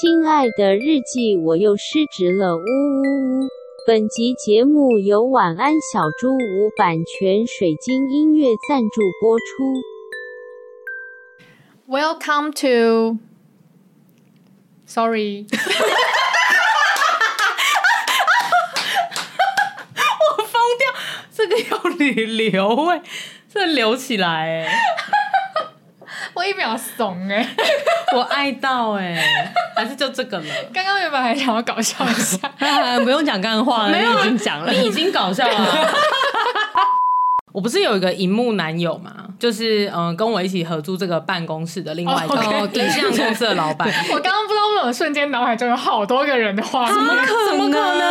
親愛的日記，我又失職了，嗚嗚嗚！本集節目由晚安小豬五版權水晶音樂贊助播出。Welcome to，Sorry，我瘋掉，這個有你流哎、欸，這流起來、欸、 我一秒慫哎。 我愛到哎、欸，還是就這個呢？剛剛原本還想要搞笑一下， 啊、不用講幹話了，你、啊、已經講了，你已經搞笑了。 我不是有一個熒幕男友嘛？就是嗯，跟我一起合租這個辦公室的另外一個哦，對，這樣公司的老闆。我剛剛不知道為什麼瞬間腦海中有好多個人的話，怎麼可能？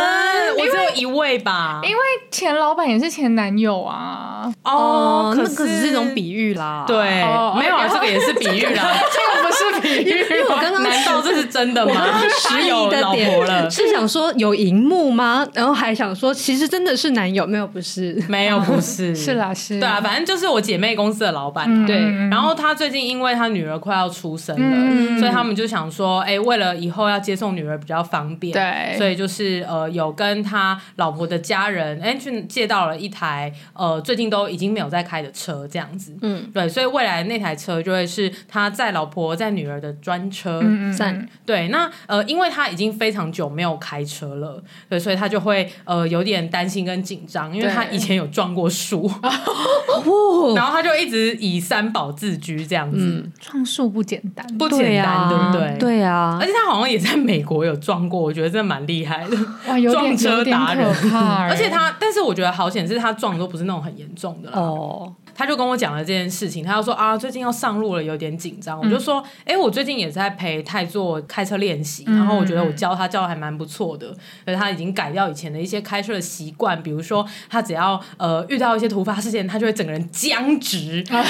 我只有一位吧，因為前老闆也是前男友啊。哦，可是只是種比喻啦。對，沒有啊，這個也是比喻啦。這個不是比喻，因為我剛剛難道這是真的嗎？是十一的點是想說有熒幕嗎？然後還想說其實真的是男友？沒有，不是，沒有，不是。啊對啊，反正就是我姐妹公司的老闆，啊。對、嗯，然後他最近因為他女兒快要出生了，嗯、所以他們就想說，哎、欸，為了以後要接送女兒比較方便，對，所以就是呃，有跟他老婆的家人哎、欸、去借到了一台呃，最近都已經沒有在開的車這樣子。嗯，對，所以未來那台車就會是他載老婆載女兒的專車。嗯對，那呃，因為他已經非常久沒有開車了，對，所以他就會呃有點擔心跟緊張，因為他以前有撞過樹。 然後他就一直以三寶自居這樣子，撞樹、嗯、不簡單，不簡單，對啊、對不對？對啊，而且他好像也在美國有撞過，我覺得真的蠻厲害的，哇，撞車達人，欸、而且他，但是我覺得好險，是他撞的都不是那種很嚴重的他就跟我講了這件事情，他就說啊，最近要上路了，有點緊張。嗯、我就說，哎、欸，我最近也是在陪太座開車練習，然後我覺得我教他教的還蠻不錯的，可是、嗯、他已經改掉以前的一些開車的習慣。比如說，他只要呃遇到一些突發事件，他就會整個人僵直， 然後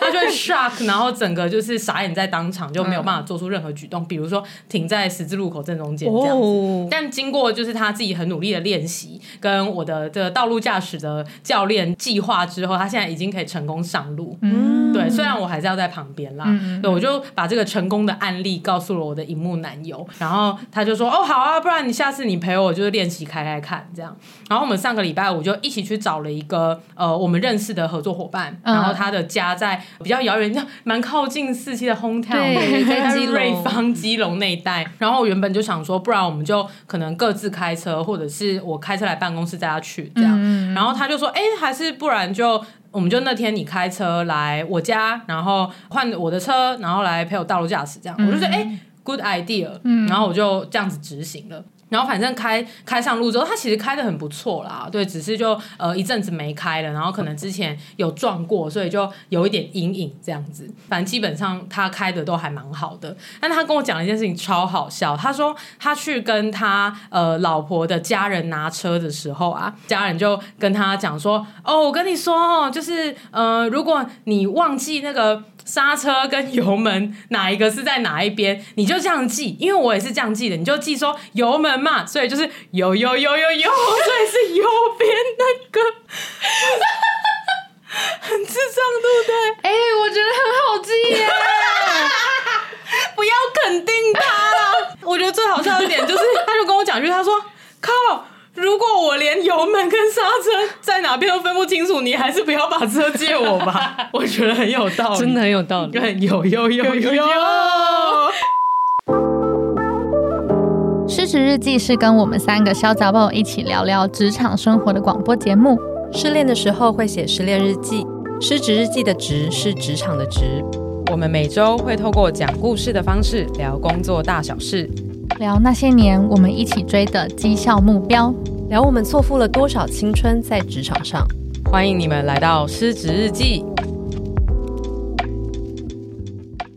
他就會 shock，然後整個就是傻眼在當場，就沒有辦法做出任何舉動。嗯、比如說停在十字路口正中間這樣、哦、但經過就是他自己很努力的練習，跟我的這個道路駕駛的教練計劃之後，他現在已經可以。成功上路，嗯，對，雖然我還是要在旁邊啦，嗯、對，我就把這個成功的案例告訴了我的熒幕男友，然後他就說，哦，好啊，不然你下次你陪我，我就是練習開開看，這樣。然後我們上個禮拜我就一起去找了一個呃我們認識的合作夥伴，然後他的家在比較遙遠，蠻靠近四期的 hometown，對瑞芳、基隆那一帶。然後我原本就想說，不然我們就可能各自開車，或者是我開車來辦公室帶他去這樣。嗯、然後他就說，哎、欸，還是不然就。我們就那天你開車來我家，然後換我的車，然後來陪我道路駕駛這樣，嗯、我就說哎、欸，good idea，嗯、然後我就這樣子執行了。然後反正開開上路之後，他其實開的很不錯啦，對，只是就呃一陣子沒開了，然後可能之前有撞過，所以就有一點陰影這樣子。反正基本上他開的都還蠻好的。但他跟我講了一件事情超好笑，他說他去跟他呃老婆的家人拿車的時候啊，家人就跟他講說：“哦，我跟你說哦，就是呃，如果你忘記那個。”剎車跟油門哪一個是在哪一邊？你就這樣記，因為我也是這樣記的。你就記說油門嘛，所以就是有、有、有、有，有，右，所以是右邊那個， 很智障，對不對？哎、欸，我覺得很好記耶！ 不要肯定他了。 我覺得最好笑一點就是，他就跟我講一句，他說。如果我連油門跟剎車在哪邊都分不清楚，你還是不要把車借我吧。 我覺得很有道理，真的很有道理。對，有有有有。有有有。失職日記是跟我們三個小雜寶一起聊聊職場生活的廣播節目。失戀的時候會寫失戀日記，失職日記的“職”是職場的“職”。我們每週會透過講故事的方式聊工作大小事。聊那些年我們一起追的績效目標，聊我們錯付了多少青春在職場上。歡迎你們來到《失職日記》，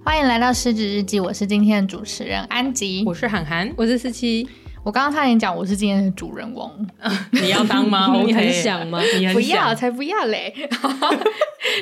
歡迎來到《失職日記》，我是今天的主持人安吉，我是喊涵，我是思琪。我剛剛差點講，我是今天的主人翁，啊、你要當嗎？ oh，你很想嗎？Okay. 你不要 才不要嘞！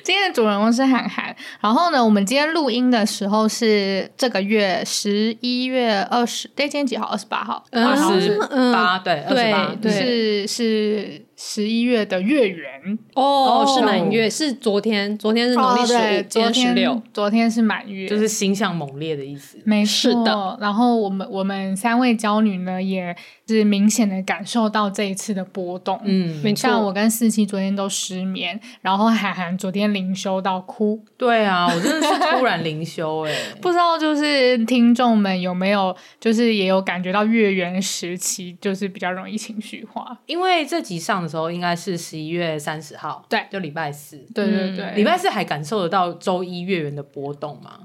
今天的主人翁是喊涵，然後呢，我們今天錄音的時候是這個月十一月二十，對，今天幾號？二十八號，二十八，28，對，二十八，是是。十一月的月圓哦，像是滿月，是昨天，昨天是農曆十五、十六，昨天是滿月，就是星象猛烈的意思，沒錯錯。的然後我們我們三位嬌女呢，也是明顯的感受到這一次的波動，嗯，沒錯。像我跟四七昨天都失眠，然後喊涵昨天靈修到哭，對啊，我真的是突然靈修哎， 不知道就是聽眾們有沒有，就是也有感覺到月圓時期就是比較容易情緒化，因為這集上的。時候應該是十一月三十號，對，就禮拜四，對對對，禮拜四還感受得到周一月圓的波動嗎？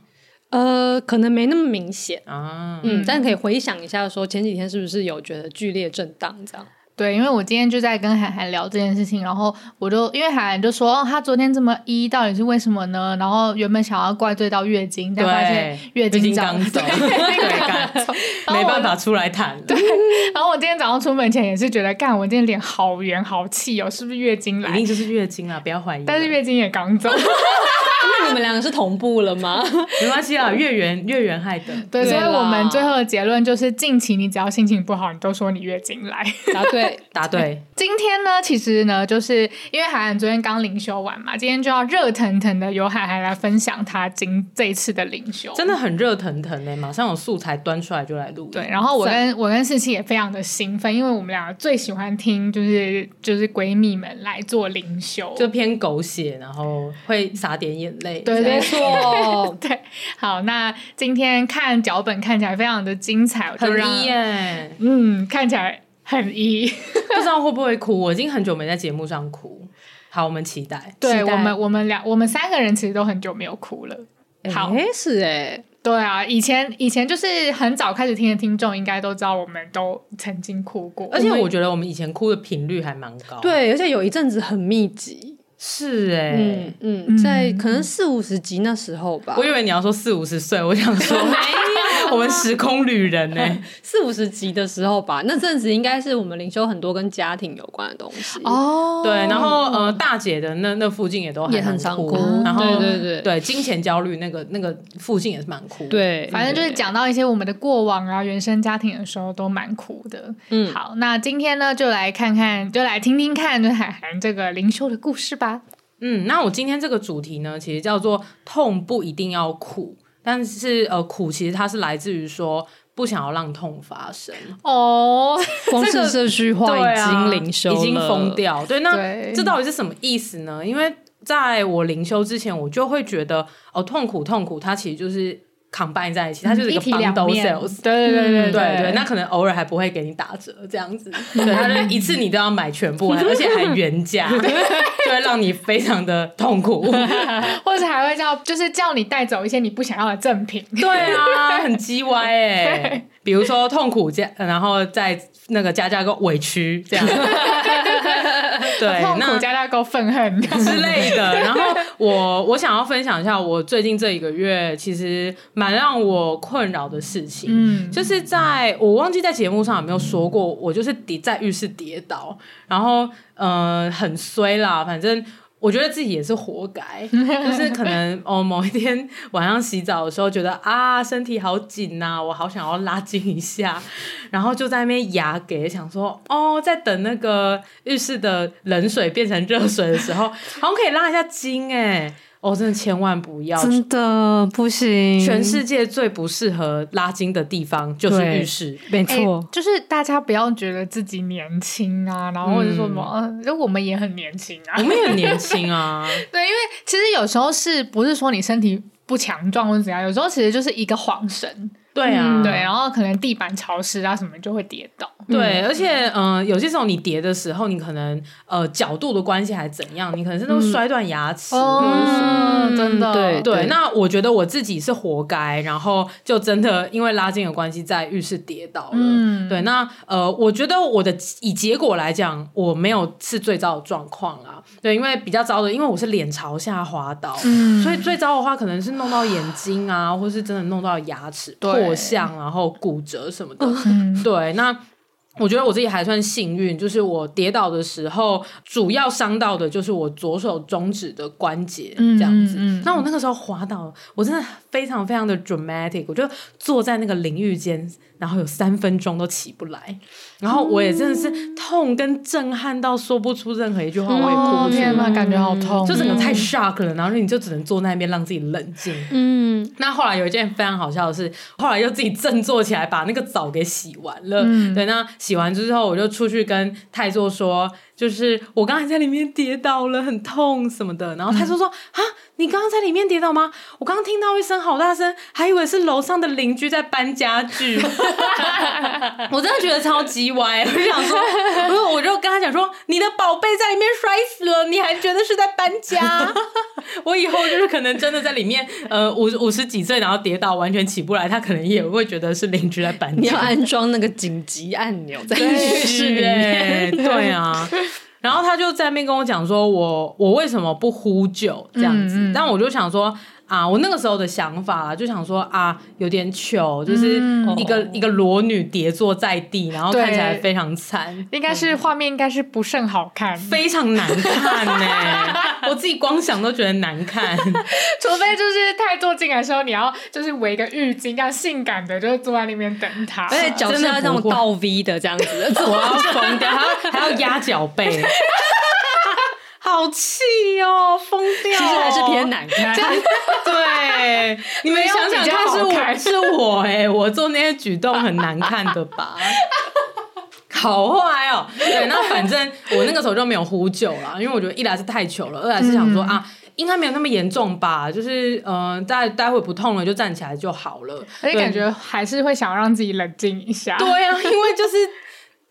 呃，可能沒那麼明顯啊，嗯，但可以回想一下說前幾天是不是有覺得劇烈震盪這樣。對，因為我今天就在跟喊涵聊這件事情，然後我就因為喊涵就說他昨天這麼一、e，到底是為什麼呢？然後原本想要怪罪到月經，但發現月經，走月經剛走，剛走沒辦法出來談。對，然後我今天早上出門前也是覺得，幹我今天臉好圓好氣哦，是不是月經來？肯定就是月經了，啊，不要懷疑。但是月經也剛走， 因為你們兩個是同步了嗎？ 沒關係啊，月圓月圓害的。對，對啦所以我們最後的結論就是，近期你只要心情不好，你都說你月經來。然後對。對答對、嗯！今天呢，其實呢，就是因為喊涵昨天剛靈修完嘛，今天就要熱騰騰的由喊涵來分享他今這一次的靈修，真的很熱騰騰的馬上有素材端出來就來錄。對，然後我跟是我跟世琪也非常的興奮，因為我們倆最喜歡聽就是就是閨蜜們來做靈修，就偏狗血，然後會撒點眼淚對。對，沒錯。對，好，那今天看腳本看起來非常的精彩，就讓很嗯，看起來。很一， 不知道會不會哭。我已經很久沒在節目上哭，好，我們期待。對，我們，我們倆，我們三個人其實都很久沒有哭了。好、欸、是哎、欸，對啊，以前以前就是很早開始聽的聽眾，應該都知道我們都曾經哭過。而且我覺得我們以前哭的頻率還蠻高。對，而且有一陣子很密集。是哎、欸嗯，嗯嗯，在可能四五十集那時候吧。我以為你要說四五十歲，我想說沒有。 我們時空旅人呢、欸， 四五十集的時候吧，那陣子應該是我們靈修很多跟家庭有關的東西哦。Oh、對，然後呃，大姐的那那附近也都還也很苦。嗯、然後對對對對，金錢焦慮那個那個附近也是蠻苦。對，反正就是講到一些我們的過往啊，原生家庭的時候都蠻苦的。嗯，好，那今天呢就來看看，就來聽聽看就喊涵這個靈修的故事吧。嗯，那我今天這個主題呢，其實叫做“痛不一定要苦”。但是，呃，苦其實它是來自於說不想要讓痛發生。哦，光是 這句、個、對、啊，已經靈修，已經瘋掉。對，那對這到底是什麼意思呢？因為在我靈修之前，我就會覺得，哦、呃，痛苦，痛苦，它其實就是。捆綁在一起，它就是一個 bundle sales，對對對對對，那可能偶爾還不會給你打折，這樣子，對，一次你都要買全部，而且還原價，就會讓你非常的痛苦，或者還會叫，就是叫你帶走一些你不想要的贈品，對啊，很嘰歪哎，比如說痛苦加，然後再那個加加個委屈這樣。對，那我家大哥憤恨之類的。 然後我我想要分享一下我最近這一個月其實蠻讓我困擾的事情，嗯、就是在我忘記在節目上有沒有說過，嗯、我就是抵在浴室跌倒，然後嗯、呃、很衰啦，反正。我覺得自己也是活該， 就是可能哦，某一天晚上洗澡的時候，覺得啊身體好緊吶、啊，我好想要拉筋一下，然後就在那邊壓給，想說哦，在等那個浴室的冷水變成熱水的時候，好像可以拉一下筋哎，欸。哦，真的千萬不要！真的不行。全世界最不適合拉筋的地方就是浴室，沒錯、欸。就是大家不要覺得自己年輕啊，然後或者說什麼，嗯、啊，就我們也很年輕啊。我們也很年輕啊。 對，因為其實有時候是不是說你身體不強壯或者怎樣？有時候其實就是一個晃神。對啊、嗯。對，然後可能地板潮濕啊什麼就會跌倒。對，而且，嗯，有些時候你跌的時候，你可能，呃，角度的關係還怎樣，你可能是都摔斷牙齒，哦，真的。對，對，那我覺得我自己是活該，然後就真的因為拉筋有關係，在浴室跌倒了。對，那，呃，我覺得我的以結果來講，我沒有是最糟的狀況啊。對，因為比較糟的，因為我是臉朝下滑倒，所以最糟的話可能是弄到眼睛啊，或是真的弄到牙齒破相，然後骨折什麼的。對，那。我覺得我自己還算幸運，就是我跌倒的時候，主要傷到的就是我左手中指的關節，嗯、這樣子。那、嗯嗯、我那個時候滑倒，我真的。非常非常的 dramatic，我就坐在那個淋浴間，然後有三分鐘都起不來，然後我也真的是痛跟震撼到說不出任何一句話，嗯、我也哭，天吶，感覺好痛，就整個太 shock 了，嗯、然後你就只能坐那邊讓自己冷靜。嗯，那後來有一件非常好笑的事，後來又自己振作起來，把那個澡給洗完了。嗯、對，那洗完之後，我就出去跟太座說。就是我剛才在裡面跌倒了，很痛什麼的，然後他就說，說、嗯、啊，你剛剛在裡面跌倒嗎？我剛剛聽到一聲好大聲，還以為是樓上的鄰居在搬家具。我真的覺得超級歪，我就想說不，我就跟他講說，你的寶貝在裡面摔死了，你還覺得是在搬家？ 我以後就是可能真的在裡面，呃，五五十幾歲然後跌倒完全起不來，他可能也會覺得是鄰居在搬家。你要安裝那個緊急按鈕在裡面 對，對啊。 然後他就在那邊跟我講說我，我我為什麼不呼救這樣子？嗯嗯，但我就想說。啊，我那個時候的想法，啊、就想說啊，有點糗，嗯，就是一個、哦、一個裸女跌坐在地，然後看起來非常慘，應該是畫面應該是不甚好看，嗯嗯、非常難看哎， 我自己光想都覺得難看， 除非就是太坐進來時候，你要就是圍個浴巾，要性感的，就是坐在那邊等他，而且腳是要那種倒 V 的這樣子， 我要瘋掉，還要壓腳背。 好氣喲、哦，瘋掉、哦！其實還是偏難看， 對。 你們想想看，是我還是我？哎、欸，我做那些舉動很難看的吧？ 好壞哦。對、yeah,，那反正我那個時候就沒有呼救了，因為我覺得，一來是太糗了，二來是想說嗯嗯啊，應該沒有那麼嚴重吧？就是嗯、呃，待待會不痛了就站起來就好了。而且感覺對還是會想讓自己冷靜一下。對呀、啊，因為就是。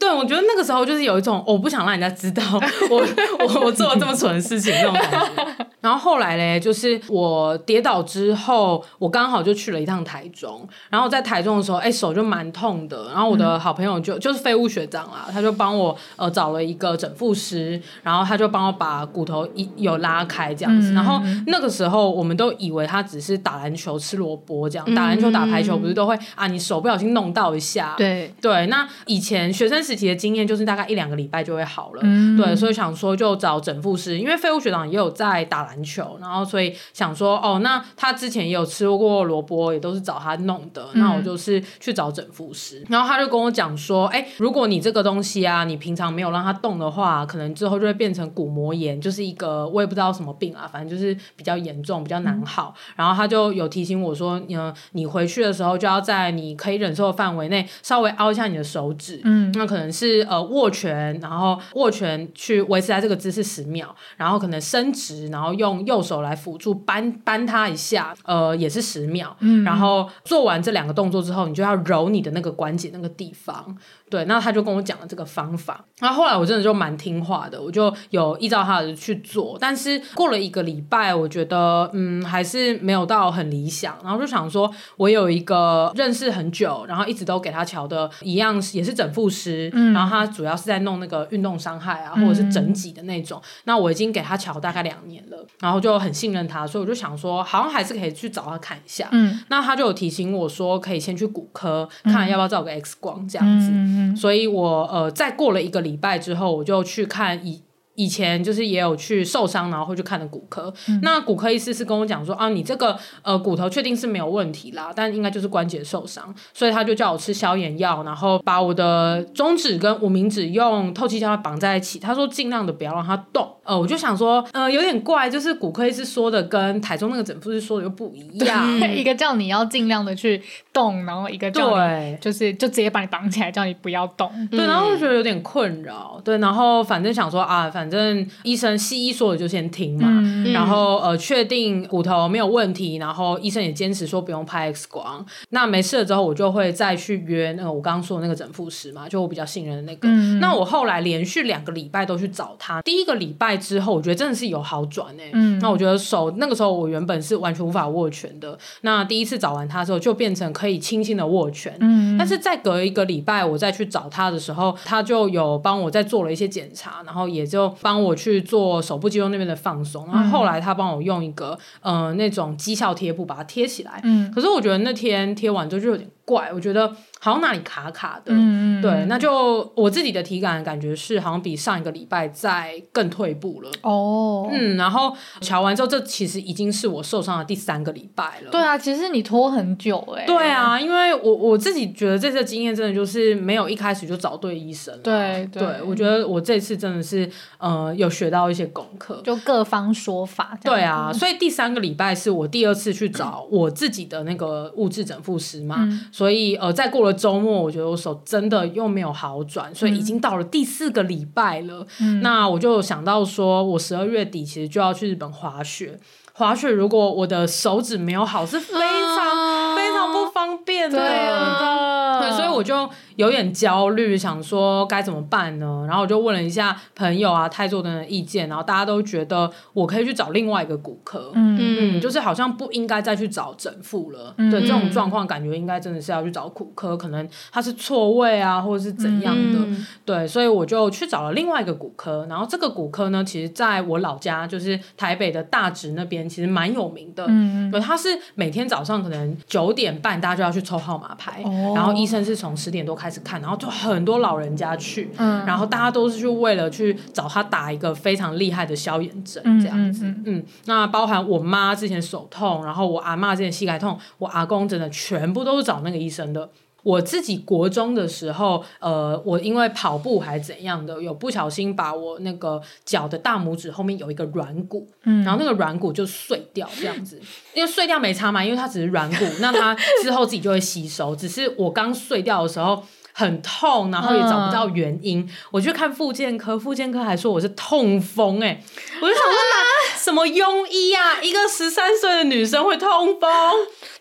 對，我覺得那個時候就是有一種我、哦、不想讓人家知道我我我做了這麼蠢的事情那 種感覺。然後後來呢，就是我跌倒之後，我剛好就去了一趟台中，然後在台中的時候，哎手就蠻痛的。然後我的好朋友就、嗯、就是廢物學長啦，他就幫我呃找了一個整復師，然後他就幫我把骨頭一有拉開這樣子。然後那個時候我們都以為他只是打籃球吃蘿蔔這樣，打籃球打排球不是都會啊，你手不小心弄到一下。對對，那以前學生時。自己的經驗就是大概一兩個禮拜就會好了，嗯、對，所以想說就找整復師，因為廢物學長也有在打籃球，然後所以想說哦，那他之前也有吃過蘿蔔，也都是找他弄的，嗯、那我就是去找整復師，然後他就跟我講說，哎、欸，如果你這個東西啊，你平常沒有讓它動的話，可能之後就會變成骨膜炎，就是一個我也不知道什麼病啊，反正就是比較嚴重，比較難好，嗯、然後他就有提醒我說，嗯，你回去的時候就要在你可以忍受的範圍內稍微凹一下你的手指，嗯，那可。可能是呃握拳，然後握拳去維持在這個姿勢十秒，然後可能伸直，然後用右手來輔助扳扳它一下，呃也是十秒，嗯，然後做完這兩個動作之後，你就要揉你的那個關節那個地方，對，那他就跟我講了這個方法，那後，後來我真的就蠻聽話的，我就有依照他的去做，但是過了一個禮拜，我覺得嗯還是沒有到很理想，然後就想說，我有一個認識很久，然後一直都給他瞧的一樣，也是整復師。然後他主要是在弄那個運動傷害啊，嗯、或者是整脊的那種。那我已經給他瞧大概兩年了，然後就很信任他，所以我就想說，好像還是可以去找他看一下。嗯、那他就有提醒我說，可以先去骨科看，要不要照個 X 光這樣子。嗯、所以我呃，再過了一個禮拜之後，我就去看一。以前就是也有去受傷，然後會去看的骨科。嗯、那骨科醫師是跟我講說，啊，你這個呃骨頭確定是沒有問題啦，但應該就是關節受傷，所以他就叫我吃消炎藥，然後把我的中指跟無名指用透氣膠帶綁在一起。他說儘量的不要讓它動。呃，我就想說，呃，有點怪，就是骨科醫師說的跟台中那個整復師說的又不一樣。一個叫你要儘量的去動，然後一個叫、就是、對，就是就直接把你綁起來，叫你不要動。嗯、對，然後就覺得有點困擾。對，然後反正想說啊，反。反正醫生西醫說的就先聽嘛，嗯嗯、然後呃，確定骨頭沒有問題，然後醫生也堅持說不用拍 X 光。那沒事了之後，我就會再去約那個、呃、我剛剛說的那個整復師嘛，就我比較信任的那個。嗯、那我後來連續兩個禮拜都去找他，第一個禮拜之後，我覺得真的是有好轉哎、欸。嗯、那我覺得手那個時候我原本是完全無法握拳的，那第一次找完他之後就變成可以輕輕的握拳。嗯，但是再隔一個禮拜我再去找他的時候，他就有幫我再做了一些檢查，然後也就。幫我去做手部肌肉那邊的放鬆，然後後來他幫我用一個、嗯、呃那種肌效貼布把它貼起來，嗯、可是我覺得那天貼完之後就有點怪，我覺得。好像哪裡卡卡的，嗯、對，那就我自己的體感感覺是好像比上一個禮拜再更退步了。哦，嗯，然後瞧完之後，這其實已經是我受傷的第三個禮拜了。對啊，其實你拖很久哎、欸。對啊，因為我我自己覺得這次的經驗真的就是沒有一開始就找對醫生、啊對。對對，我覺得我這次真的是呃有學到一些功課，就各方說法。對啊，所以第三個禮拜是我第二次去找我自己的那個物質整復師嘛，嗯、所以呃，再過了。周末我覺得我手真的又沒有好轉，嗯、所以已經到了第四個禮拜了。嗯、那我就想到說，我十二月底其實就要去日本滑雪，滑雪如果我的手指沒有好，是非常、啊、非常不方便的對、啊。對，所以我就。有點焦慮，想說該怎麼辦呢？然後我就問了一下朋友啊、太座的意見，然後大家都覺得我可以去找另外一個骨科，嗯嗯，嗯就是好像不應該再去找整復了。嗯、對，這種狀況感覺應該真的是要去找骨科，嗯、可能他是錯位啊，或者是怎樣的。嗯、對，所以我就去找了另外一個骨科。然後這個骨科呢，其實在我老家就是台北的大直那邊，其實蠻有名的。嗯嗯，對，他是每天早上可能九點半大家就要去抽號碼牌，哦、然後醫生是從十點多開。開始看，然後就很多老人家去，嗯、然後大家都是去為了去找他打一個非常厲害的消炎針，這樣子。嗯，那包含我媽之前手痛，然後我阿媽之前膝蓋痛，我阿公真的全部都是找那個醫生的。我自己國中的時候，呃，我因為跑步還是怎樣的，有不小心把我那個腳的大拇指後面有一個軟骨，嗯，然後那個軟骨就碎掉，這樣子。 因為碎掉沒差嘛，因為它只是軟骨，那它之後自己就會吸收。 只是我剛碎掉的時候。很痛，然後也找不到原因。嗯、我去看復健科，復健科還說我是痛風、欸，哎，我就想問哪什麼庸醫啊？啊一個十三歲的女生會痛風，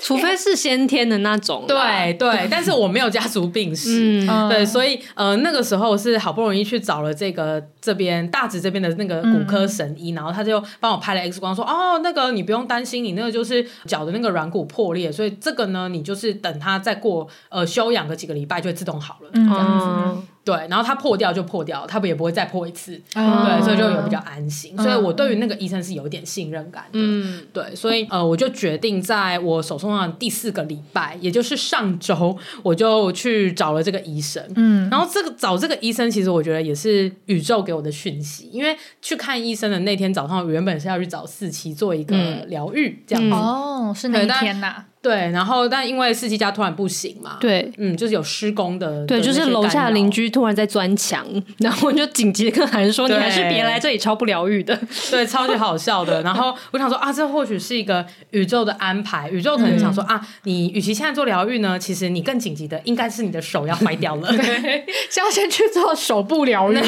除非是先天的那種對。對對，嗯、但是我沒有家族病史，嗯、對，所以呃那個時候是好不容易去找了這個這邊大直這邊的那個骨科神醫，嗯、然後他就幫我拍了 X 光，說哦，那個你不用擔心，你那個就是腳的那個軟骨破裂，所以這個呢，你就是等他再過呃休養個幾個禮拜就會自動。好了，嗯，對，然後他破掉就破掉，他不也不會再破一次，嗯、對，所以就有比較安心。嗯、所以我對於那個醫生是有點信任感的，嗯、對，所以呃，我就決定在我手傷的第四個禮拜，也就是上週，我就去找了這個醫生，嗯，然後這個找這個醫生，其實我覺得也是宇宙給我的訊息，因為去看醫生的那天早上，原本是要去找四期做一個療癒，嗯、這樣哦，是哪一天吶、啊。對，然後但因為司機家突然不行嘛，對，嗯，就是有施工的，對，對，就是樓下的鄰居突然在鑽牆，對然後我就緊急的跟喊涵說，對你還是別來這裡超不療癒的，對，超級好笑的。然後我想說 啊，這或許是一個宇宙的安排，宇宙可能想說、嗯、啊，你與其現在做療癒呢，其實你更緊急的應該是你的手要壞掉了， 對，要先去做手部療癒，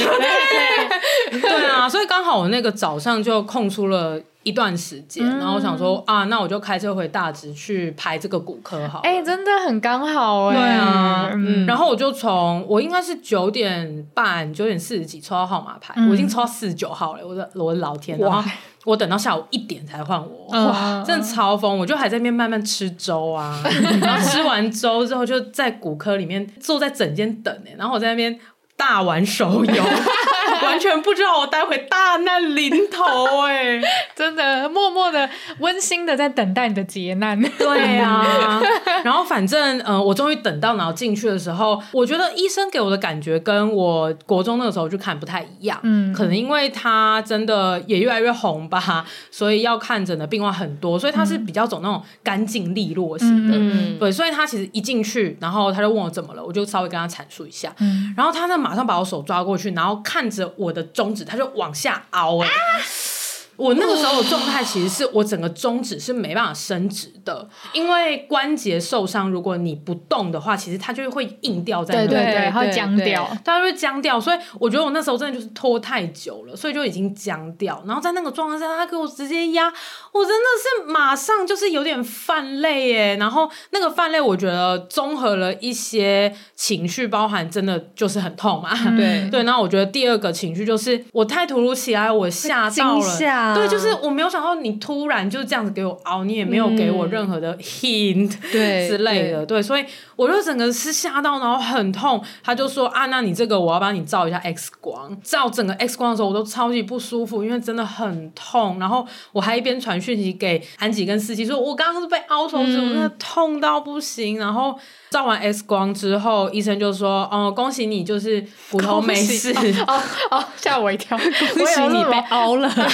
對啊，所以剛好我那個早上就空出了一段時間，然後我想說、嗯、啊，那我就開車回大直去排這個骨科好。哎、欸，真的很剛好哎、欸。對啊，嗯嗯、然後我就從我應該是九點半九點四十幾抽到號碼牌，嗯、我已經抽到四十九號了。我的我的老天的，然後哇我等到下午一點才換我，哇，真的超瘋！我就還在那邊慢慢吃粥啊， 然後吃完粥之後就在骨科裡面坐在整間等哎、欸，然後我在那邊大玩手遊。 完全不知道我待會大難臨頭哎、欸！ 真的，默默的、溫馨的在等待你的劫難。對呀、啊。 然後反正，呃我終於等到然後進去的時候，我覺得醫生給我的感覺跟我國中那個時候就看不太一樣。嗯、可能因為他真的也越來越紅吧，所以要看診的病患很多，所以他是比較走那種乾淨利落型的。嗯、對，所以他其實一進去，然後他就問我怎麼了，我就稍微跟他闡述一下。嗯、然後他呢，馬上把我手抓過去，然後看着。我的中指，它就往下凹哎、欸。啊我那個時候的狀態其實是我整個中指是沒辦法伸直的，因為關節受傷，如果你不動的話，其實它就會硬掉在那裡，對對對，然後僵掉，它會僵掉。所以我覺得我那時候真的就是拖太久了，所以就已經僵掉。然後在那個狀態下，他給我直接壓，我真的是馬上就是有點泛淚耶。然後那個泛淚，我覺得綜合了一些情緒，包含真的就是很痛嘛，對、嗯、對。然後我覺得第二個情緒就是我太突如其來，我嚇到了。對，就是我沒有想到你突然就這樣子給我凹。你也沒有給我任何的 hint 之類的，嗯、對、對、對，所以我就整個是嚇到，然後很痛。他就說啊，那你這個我要幫你照一下 X 光。照整個 X 光的時候我都超級不舒服，因為真的很痛。然後我還一邊傳訊息給安吉跟司機說，說我剛剛是被凹手指，我、嗯、痛到不行。然後。照完 X 光之後，醫生就說：“哦，恭喜你，就是骨頭沒事。”哦哦，哦、嚇我一跳， 恭喜你被凹了。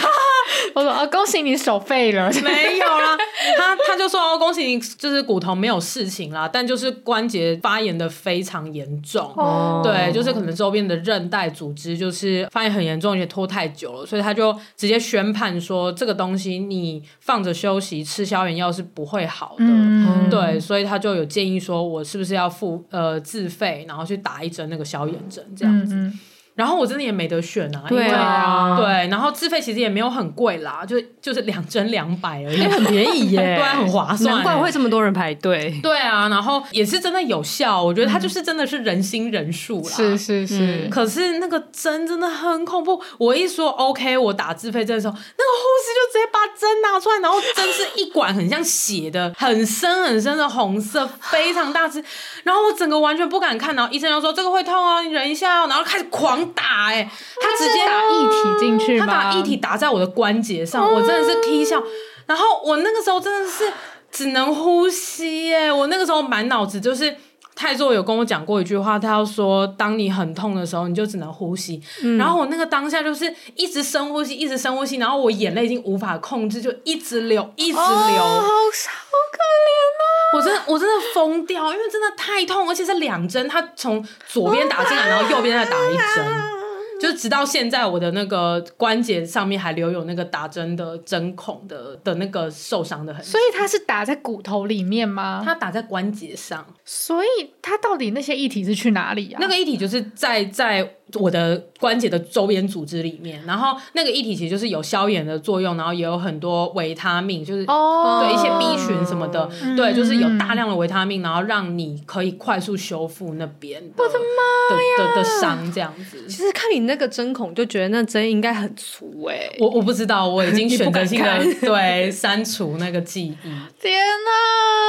我說啊，恭喜你手廢了， 沒有啦，他他就說、哦、恭喜你就是骨頭沒有事情啦，但就是關節發炎的非常嚴重，哦、對，就是可能周邊的韌帶組織就是發炎很嚴重，而且拖太久了，所以他就直接宣判說這個東西你放着休息吃消炎藥是不會好的，嗯、對，所以他就有建議說我是不是要付呃自費然後去打一針那個消炎針這樣子。嗯然後我真的也沒得選啊，因為啊對啊，對，然後自費其實也沒有很貴啦，就就是兩針兩百而已，欸、很便宜耶， 對，很划算，難怪會這麼多人排隊。對啊，然後也是真的有效，我覺得它就是真的是仁心仁術啦，嗯、是是是、嗯。可是那個針真的很恐怖，我一說 OK，我打自費針的時候，那個護士就直接把針拿出來，然後針是一管很像血的，很深很深的紅色，非常大只，然後我整個完全不敢看，然後醫生就說這個會痛哦、啊，你忍一下哦、啊，然後開始狂。打哎、欸，他直接打液體進去，啊、他把液體打在我的關節上，嗯、我真的是起笑，然後我那個時候真的是只能呼吸誒、欸、我那個時候滿腦子就是。太座有跟我講過一句話，他要說：“當你很痛的時候，你就只能呼吸。嗯”然後我那個當下就是一直深呼吸，一直深呼吸，然後我眼淚已經無法控制，就一直流，一直流，哦、好可憐啊！我真的，我真的瘋掉，因為真的太痛，而且是兩針，他從左邊打進來， 然後右邊再打一針。就直到現在，我的那個關節上面還留有那個打針的針孔的、的那個受傷的痕跡。所以它是打在骨頭裡面嗎？它打在關節上。所以它到底那些液體是去哪裡啊？那個液體就是在在我的關節的周邊組織裡面，嗯、然後那個液體其實就是有消炎的作用，然後也有很多維他命，就是哦，oh、對一些 B 群什麼的，oh、對，就是有大量的維他命，然後讓你可以快速修復那邊。我、oh、的媽的的傷這樣子，其實看你那個。那個針孔，就覺得那針應該很粗哎、欸，我我不知道，我已經選擇性的 對，刪除那個記憶。天吶、啊、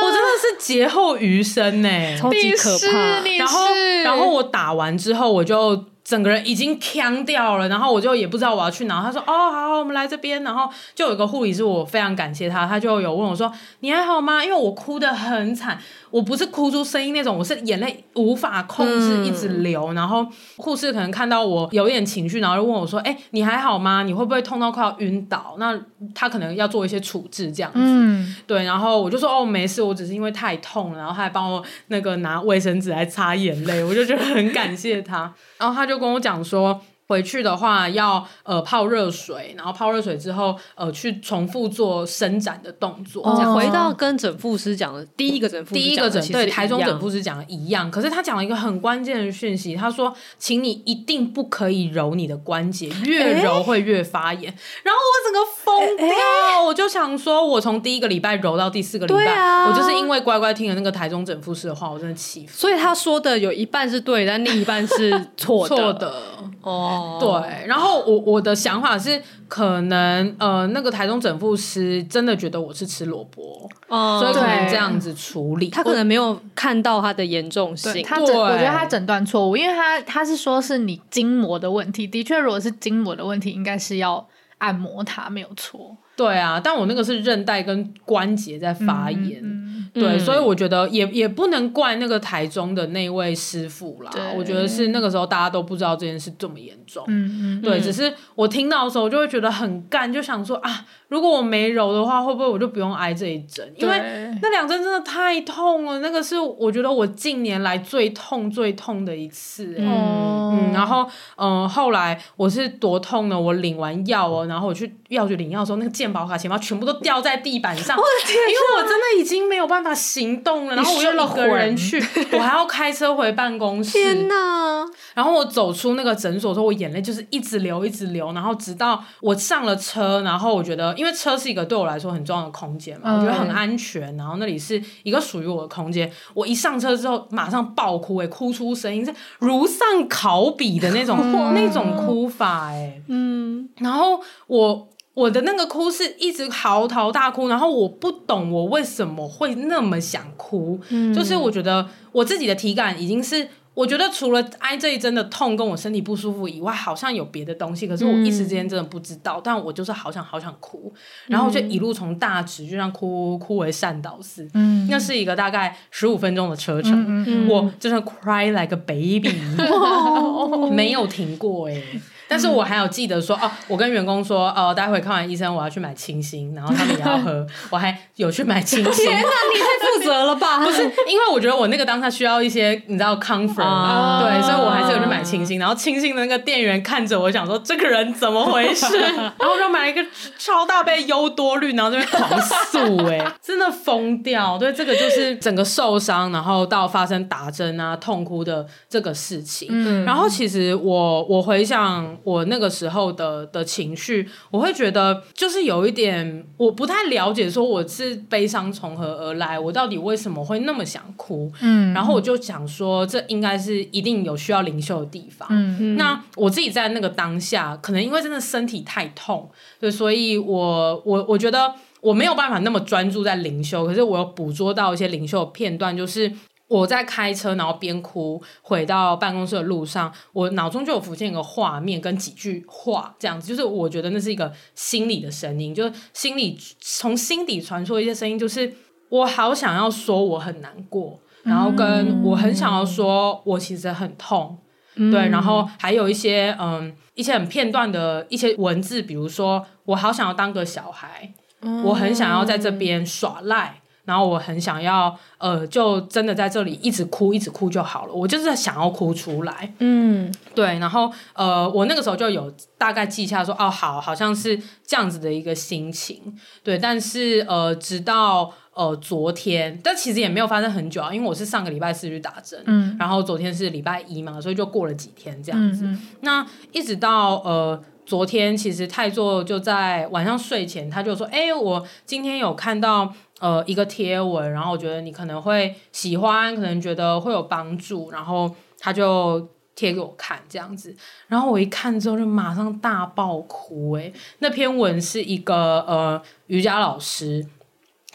我真的是劫後餘生哎、欸，是超級可怕。是然後然後我打完之後，我就整個人已經嗆掉了，然後我就也不知道我要去哪。他說哦，好，我們來這邊。然後就有個護理師，我非常感謝他，他就有問我說，你還好嗎？因為我哭得很慘。我不是哭出聲音那種，我是眼淚無法控制，嗯，一直流，然後護士可能看到我有一點情緒，然後就問我說：“哎、欸，你還好嗎？你會不會痛到快要暈倒？”那他可能要做一些處置這樣子，嗯、對。然後我就說：“哦，沒事，我只是因為太痛了。”然後他還幫我那個拿衛生紙來擦眼淚， 我就覺得很感謝他。然後他就跟我講說，回去的話要呃泡熱水，然後泡熱水之後呃去重複做伸展的動作。哦、回到跟整復師講的第一個整復師，第一個整,師一個整對台中整復師講的一樣。可是他講了一個很關鍵的訊息，他說，請你一定不可以揉你的關節，越揉會越發炎。欸、然後我整個瘋掉，欸欸、我就想說，我從第一個禮拜揉到第四個禮拜，啊、我就是因為乖乖聽了那個台中整復師的話，我真的氣。所以他說的有一半是對，但另一半是錯的, 的哦。對，然後我我的想法是，可能呃，那個台中整復師真的覺得我是吃蘿蔔，嗯、所以可能這樣子處理，他可能沒有看到他的嚴重性，他整對我覺得他診斷錯誤，因為他他是說是你筋膜的問題，的確如果是筋膜的問題，應該是要按摩它，沒有錯。對啊，但我那個是韌帶跟關節在發炎，嗯嗯、對，嗯、所以我覺得也也不能怪那個台中的那位師傅啦。對我覺得是那個時候大家都不知道這件事這麼嚴重，嗯嗯、對，只是我聽到的時候我就會覺得很乾，就想說啊，如果我沒揉的話，會不會我就不用挨這一針？因為那兩針真的太痛了，那個是我覺得我近年來最痛最痛的一次，欸。嗯，嗯，嗯，然後嗯、呃，後來我是多痛呢？我領完藥哦，然後我去藥局領藥的時候，那個。錢卡錢包全部都掉在地板上，我的天啊，因為我真的已經沒有辦法行動了，你是 然後我又一個人去， 我還要開車回辦公室。天吶哪，然後我走出那個診所之後，我眼淚就是一直流一直流，然後直到我上了車，然後我覺得，因為車是一個對我來說很重要的空間嘛，嗯，我覺得很安全，然後那裡是一個屬於我的空間。我一上車之後，馬上爆哭，欸，哎，哭出聲音是如喪考妣的那種，嗯，那種哭法，欸，哎，嗯，然後我。我的那個哭是一直嚎啕大哭，然後我不懂我為什麼會那麼想哭，嗯、就是我覺得我自己的體感已經是，我覺得除了挨這一針的痛跟我身體不舒服以外，好像有別的東西，可是我一時之間真的不知道，嗯、但我就是好想好想哭，嗯、然後就一路從大直，就像哭哭為善導寺，嗯、那是一個大概十五分鐘的車程，嗯嗯嗯我就像 cry like a baby， 哦、沒有停過哎、欸。但是我還有記得說、嗯、哦，我跟員工說哦，待會看完醫生我要去買清新，然後他們也要喝， 我還有去買清新。天哪，你太負責了吧？ 不是，因為我覺得我那個當下需要一些你知道 comfort，對，所以我還是有去買清新。嗯、然後清新的那個店員看着我想說這個人怎麼回事？ 然後我就買了一個超大杯優多綠，然後這邊狂訴，哎， 真的瘋掉。對，這個就是整個受傷，然後到發生打針啊、痛哭的這個事情。嗯、然後其實我我回想。我那個時候的的情緒，我會覺得就是有一點我不太了解，說我是悲傷從何而來，我到底為什麼會那麼想哭？嗯，然後我就想說，這應該是一定有需要靈修的地方。嗯哼，那我自己在那個當下，可能因為真的身體太痛，對，所以我我我覺得我沒有辦法那麼專注在靈修，可是我有捕捉到一些靈修的片段，就是。我在開車，然後邊哭回到辦公室的路上，我腦中就有浮現一個畫面跟幾句話，這樣子，就是我覺得那是一個心裡的聲音，就是心裡從心底傳出的一些聲音，就是我好想要說我很難過，然後跟我很想要說我其實很痛，嗯、對，然後還有一些嗯一些很片段的一些文字，比如說我好想要當個小孩，嗯、我很想要在這邊耍賴。然後我很想要，呃，就真的在這裡一直哭，一直哭就好了。我就是想要哭出來，嗯，對。然後，呃，我那個時候就有大概記一下說，說、啊、哦，好，好像是這樣子的一個心情，對。但是，呃，直到，呃，昨天，但其實也沒有發生很久，啊，因為我是上個禮拜四去打針，嗯、然後昨天是禮拜一嘛，所以就過了幾天這樣子。嗯、哼那一直到，呃。昨天其實太座就在晚上睡前，他就說：“哎、欸，我今天有看到呃一個貼文，然後我覺得你可能會喜歡，可能覺得會有幫助，然後他就貼給我看這樣子。然後我一看之後就馬上大爆哭、欸。哎，那篇文是一個呃瑜伽老師。”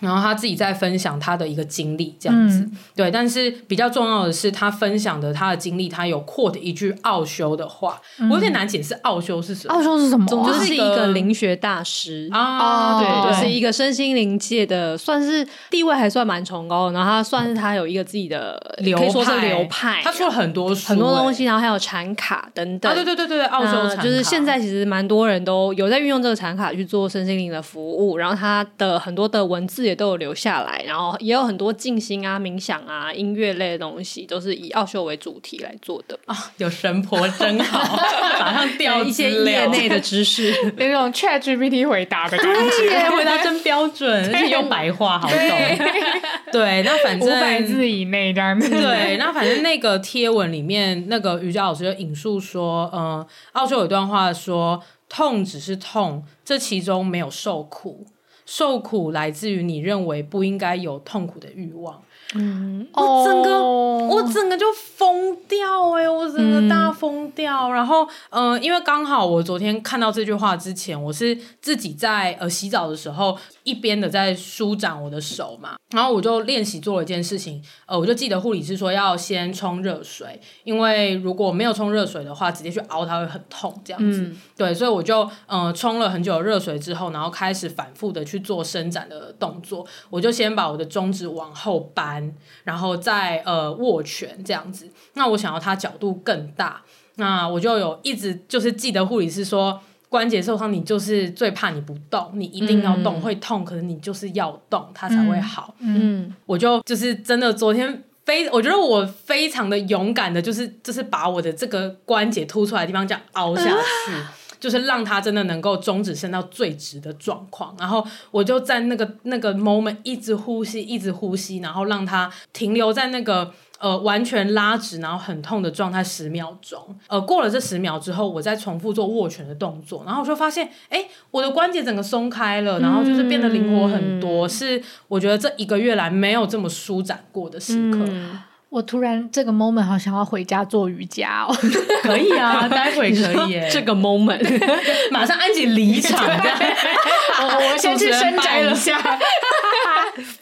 然後他自己在分享他的一個經歷，這樣子，嗯、對。但是比較重要的是，他分享的他的經歷，他有 quote 一句奧修的話，嗯、我有點難解釋奧修是什麼。奧修是什麼？啊，總就是一個靈學大師啊，哦、對、對、對，就對是一個身心靈界的，算是地位還算蠻崇高的。然後他算是他有一個自己的、嗯、流派，可以說是流派。他出了很多書很多東西，然後還有禪卡等等。對、啊、對對對對，奧修禪卡就是現在其實蠻多人都有在運用這個禪卡去做身心靈的服務。然後他的很多的文字，也都有留下來，然後也有很多靜心啊、冥想啊、音樂類的東西，都是以奧修為主題來做的啊。有神婆真好， 馬上掉一些業內的知識，那種 ChatGPT 回答的東西，回答真標準，對而且用白話好懂。對，對，那反正五百字以內， 對，那反正那個貼文裡面，那個瑜伽老師就引述說，嗯、呃，奧修有一段話說，痛只是痛，這其中沒有受苦。受苦來自於你認為不應該有痛苦的慾望。嗯、我整個，哦、我整個就瘋掉哎、欸，我整個大瘋掉。嗯、然後，嗯、呃，因為剛好我昨天看到這句話之前，我是自己在呃洗澡的時候。一邊的在舒展我的手嘛，然後我就練習做了一件事情，呃，我就記得護理師說要先沖熱水，因為如果沒有沖熱水的話，直接去熬它會很痛這樣子，嗯、對，所以我就嗯沖、呃、了很久的熱水之後，然後開始反覆的去做伸展的動作，我就先把我的中指往後扳，然後再呃握拳這樣子，那我想要它角度更大，那我就有一直就是記得護理師說。關節受傷，你就是最怕你不動，你一定要動，嗯、會痛，可能你就是要動，它才會好。嗯，嗯我就就是真的，昨天非我覺得我非常的勇敢的，就是就是把我的這個關節凸出來的地方，這樣凹下去，嗯、就是讓它真的能夠中指伸到最直的狀況。然後我就在那個那個 moment 一直呼吸，一直呼吸，然後讓它停留在那個。呃，完全拉直，然後很痛的狀態十秒鐘。呃，過了這十秒之後，我再重複做握拳的動作，然後我就發現，哎，我的關節整個鬆開了，然後就是變得靈活很多。嗯、是我覺得這一個月來沒有這麼舒展過的時刻。嗯、我突然這個 moment 好想要回家做瑜伽哦， 可以啊，待會可以。 這個 moment， 馬上安靜離場， 吧 我我先，先去伸展一下。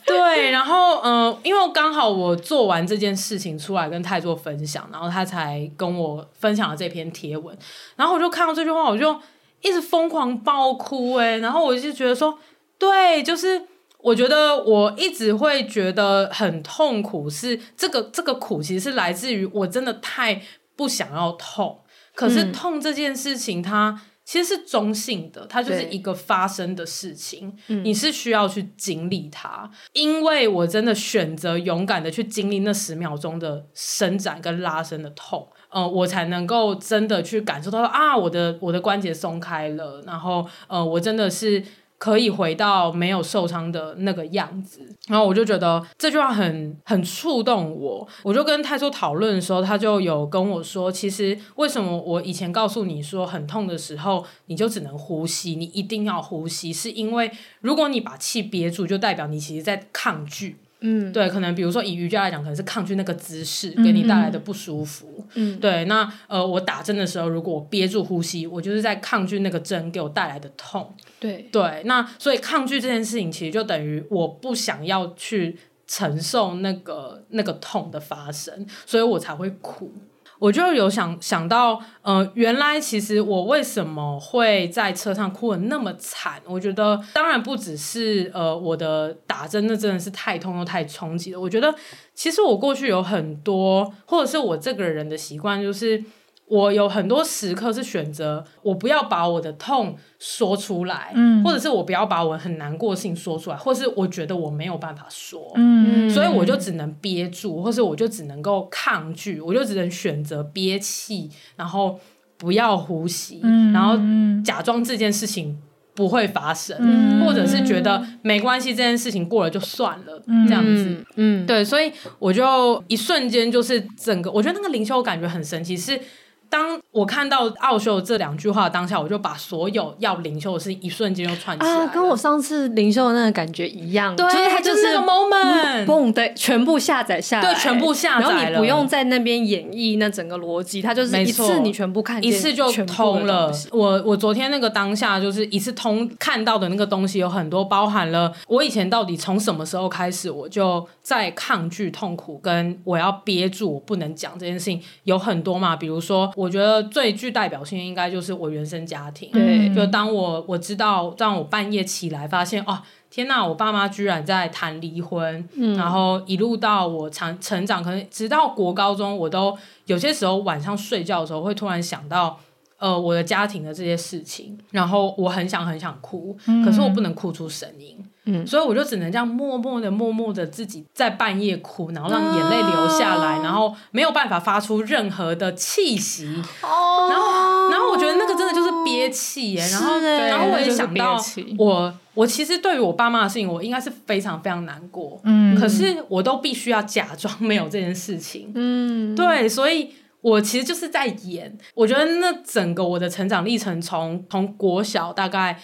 對，然後嗯、呃，因為剛好我做完這件事情出來跟泰做分享，然後他才跟我分享了這篇貼文，然後我就看到這句話，我就一直瘋狂爆哭哎、欸，然後我就覺得說，對，就是我覺得我一直會覺得很痛苦是，是這個這個苦，其實是來自於我真的太不想要痛，可是痛這件事情它，嗯其實是中性的，它就是一個發生的事情，對你是需要去經歷它，嗯。因為我真的選擇勇敢的去經歷那十秒鐘的伸展跟拉伸的痛，呃，我才能夠真的去感受到，啊，我的我的關節鬆開了，然後呃，我真的是。可以回到沒有受傷的那個樣子，然後我就覺得這句話很很觸動我。我就跟泰叔討論的時候，他就有跟我說，其實為什麼我以前告訴你說很痛的時候，你就只能呼吸，你一定要呼吸，是因為如果你把氣憋住，就代表你其實在抗拒。嗯，對，可能比如說以瑜伽來講，可能是抗拒那個姿勢給你帶來的不舒服。嗯，嗯，對，那呃，我打針的時候，如果我憋住呼吸，我就是在抗拒那個針給我帶來的痛。對，對，那所以抗拒這件事情，其實就等於我不想要去承受那個那個痛的發生，所以我才會哭。我就有想想到，呃，原來其實我為什麼會在車上哭的那麼慘？我覺得當然不只是，呃，我的打針那真的是太痛又太衝擊了。我覺得其實我過去有很多，或者是我這個人的習慣就是。我有很多時刻是選擇，我不要把我的痛說出來，嗯、或者是我不要把我很難過的事情說出來，或是我覺得我沒有辦法說，嗯、所以我就只能憋住，或是我就只能夠抗拒，我就只能選擇憋氣，然後不要呼吸，嗯、然後假裝這件事情不會發生，嗯、或者是覺得沒關係，嗯、這件事情過了就算了，嗯、這樣子，嗯，對，所以我就一瞬間就是整個，我覺得那個靈修感覺很神奇是。當我看到奧修這兩句話當下，我就把所有要靈修的事一瞬間又串起來、啊、跟我上次靈修的那個感覺一樣。對，它就是個 moment，蹦全部下載下來，對，全部下載，然後你不用在那邊演繹那整個邏輯，它就是一次錯你全部看一次就通了。全部我我昨天那個當下就是一次通看到的那個東西有很多，包含了我以前到底從什麼時候開始我就在抗拒痛苦，跟我要憋住我不能講這件事情有很多嘛，比如說。我覺得最具代表性應該就是我原生家庭，對，嗯、就當我我知道，當我半夜起來發現，哦，天吶、啊，我爸媽居然在談離婚，嗯、然後一路到我成成長，可能直到國高中，我都有些時候晚上睡覺的時候會突然想到。呃，我的家庭的這些事情，然後我很想很想哭，嗯、可是我不能哭出聲音，嗯、所以我就只能這樣默默的、默默的自己在半夜哭，然後讓眼淚流下來，啊、然後沒有辦法發出任何的氣息，哦，然後然後我覺得那個真的就是憋氣耶，是耶，然後對然後我也想到我我其實對於我爸媽的事情，我應該是非常非常難過，嗯、可是我都必須要假裝沒有這件事情，嗯，對，所以。我其實就是在演，我覺得那整個我的成長歷程，從從國小大概。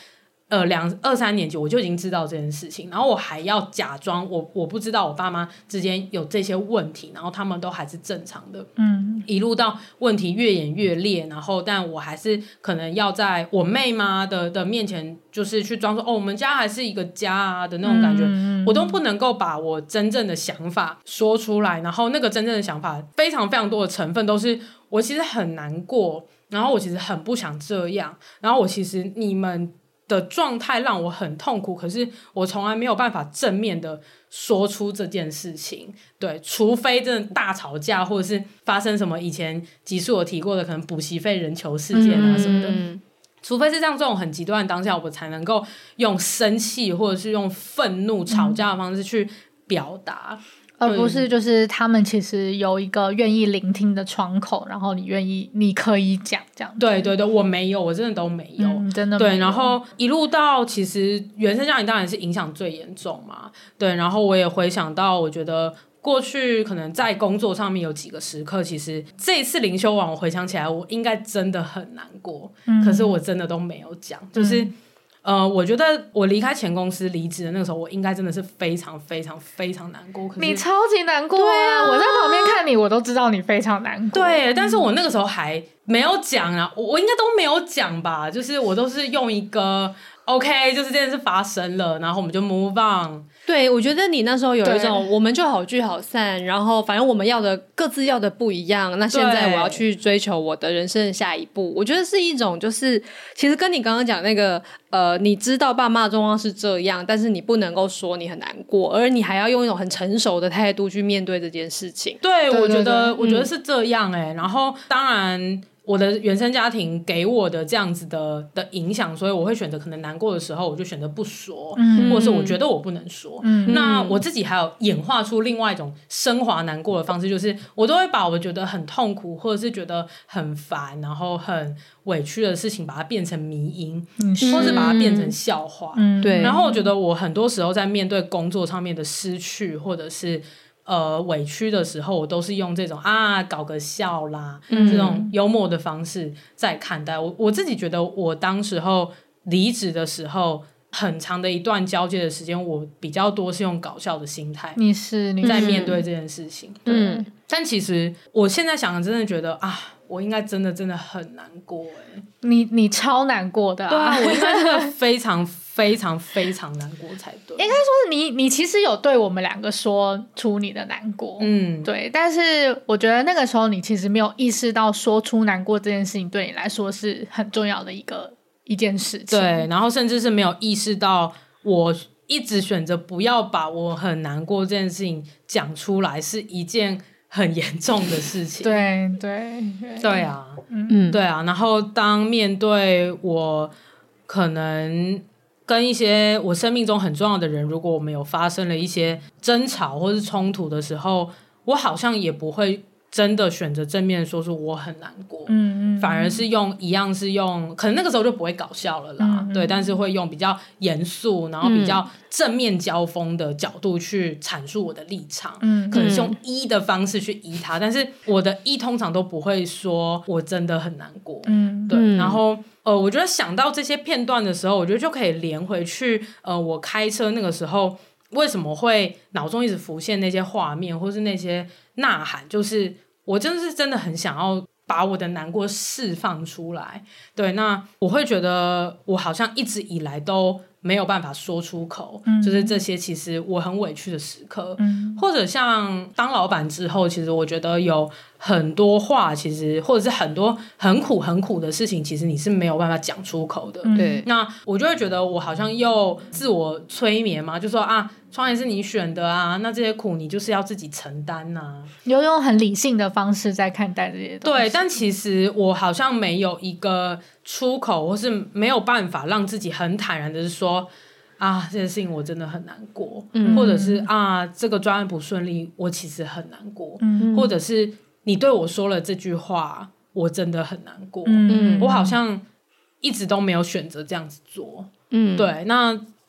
呃，兩二三年級我就已經知道這件事情，然後我還要假裝我我不知道我爸媽之間有這些問題，然後他們都還是正常的。嗯，一路到問題越演越烈，然後但我還是可能要在我妹媽的的面前，就是去裝作哦，我們家還是一個家啊的那種感覺，嗯，我都不能夠把我真正的想法說出來，然後那個真正的想法非常非常多的成分都是我其實很難過，然後我其實很不想這樣，然後我其實你們。的狀態讓我很痛苦，可是我從來沒有辦法正面的說出這件事情。對，除非真的大吵架，或者是發生什麼以前集數我提過的，可能補習費人球事件啊什麼的，嗯嗯嗯。除非是像這種很極端的當下，我才能夠用生氣或者是用憤怒吵架的方式去表達。嗯嗯。而不是就是他們其實有一個願意聆聽的窗口，然後你願意你可以講這樣。對對對，我沒有，我真的都沒有，嗯、真的對。然後一路到其實原生家庭當然是影響最嚴重嘛。對，然後我也回想到，我覺得過去可能在工作上面有幾個時刻，其實這一次靈修完我回想起來，我應該真的很難過。嗯、可是我真的都沒有講，嗯、就是。呃，我覺得我離開前公司離職的那個時候，我應該真的是非常非常非常難過。你超級難過啊，對啊，我在旁邊看你，我都知道你非常難過。對，但是我那個時候還沒有講啊，我我應該都沒有講吧，就是我都是用一個 OK，就是這件事發生了，然後我們就 move on。對，我覺得你那時候有一種，我們就好聚好散，對然後反正我們要的各自要的不一樣。那現在我要去追求我的人生的下一步，對我覺得是一種，就是其實跟你剛剛講那個，呃，你知道爸媽的狀況是這樣，但是你不能夠說你很難過，而你還要用一種很成熟的態度去面對這件事情。對，我覺得，對對對嗯、我覺得是這樣哎、欸。然後，當然。我的原生家庭給我的這樣子的的影響，所以我會選擇可能難過的時候，我就選擇不說，嗯、或者是我覺得我不能說。嗯、那我自己還有演化出另外一種升華難過的方式，就是我都會把我覺得很痛苦，或者是覺得很煩，然後很委屈的事情，把它變成迷因，嗯、或是把它變成笑話。嗯、對。嗯、然後我覺得我很多時候在面對工作上面的失去，或者是。呃，委屈的時候，我都是用這種啊，搞個笑啦，嗯、這種幽默的方式在看待。我我自己覺得，我當時候離職的時候，很長的一段交接的時間，我比較多是用搞笑的心態，你是，你是在面對這件事情，嗯。對嗯，但其實我現在想的真的覺得啊，我應該真的真的很難過哎、欸。你你超難過的、啊，對啊， 我應該真的非常，非常非常難過才對，欸，應該說是你你其實有對我們兩個說出你的難過，嗯，對。但是我覺得那個時候你其實沒有意識到說出難過這件事情對你來說是很重要的一個一件事情。對，然後甚至是沒有意識到我一直選擇不要把我很難過這件事情講出來是一件很嚴重的事情。 對對對啊，嗯，對啊。然後當面對我可能。跟一些我生命中很重要的人，如果我們有發生了一些爭吵或是衝突的時候，我好像也不會。真的選擇正面說，說，是我很難過，嗯嗯反而是用一樣是用，可能那個時候就不會搞笑了啦，嗯嗯對，但是會用比較嚴肅，然後比較正面交鋒的角度去闡述我的立場，嗯，嗯，可能是用一的方式去依他，但是我的一通常都不會說我真的很難過，嗯，嗯，對，然後呃，我覺得想到這些片段的時候，我覺得就可以連回去，呃，我開車那個時候為什麼會腦中一直浮現那些畫面，或是那些吶喊，就是。我真的是真的很想要把我的難過釋放出來，對，那我會覺得我好像一直以來都沒有辦法說出口，嗯，就是這些其實我很委屈的時刻，嗯，或者像當老闆之後，其實我覺得有很多話，其實或者是很多很苦很苦的事情，其實你是沒有辦法講出口的，對，嗯，那我就會覺得我好像又自我催眠嘛，就說啊。創業是你選的啊，那這些苦你就是要自己承擔吶、啊。你用很理性的方式在看待這些東西。對，但其實我好像沒有一個出口，或是沒有辦法讓自己很坦然的說，啊，這件、個、事情我真的很難過，嗯、或者是啊，這個專案不順利，我其實很難過，嗯、或者是你對我說了這句話，我真的很難過。嗯，我好像一直都沒有選擇這樣子做。嗯，對，那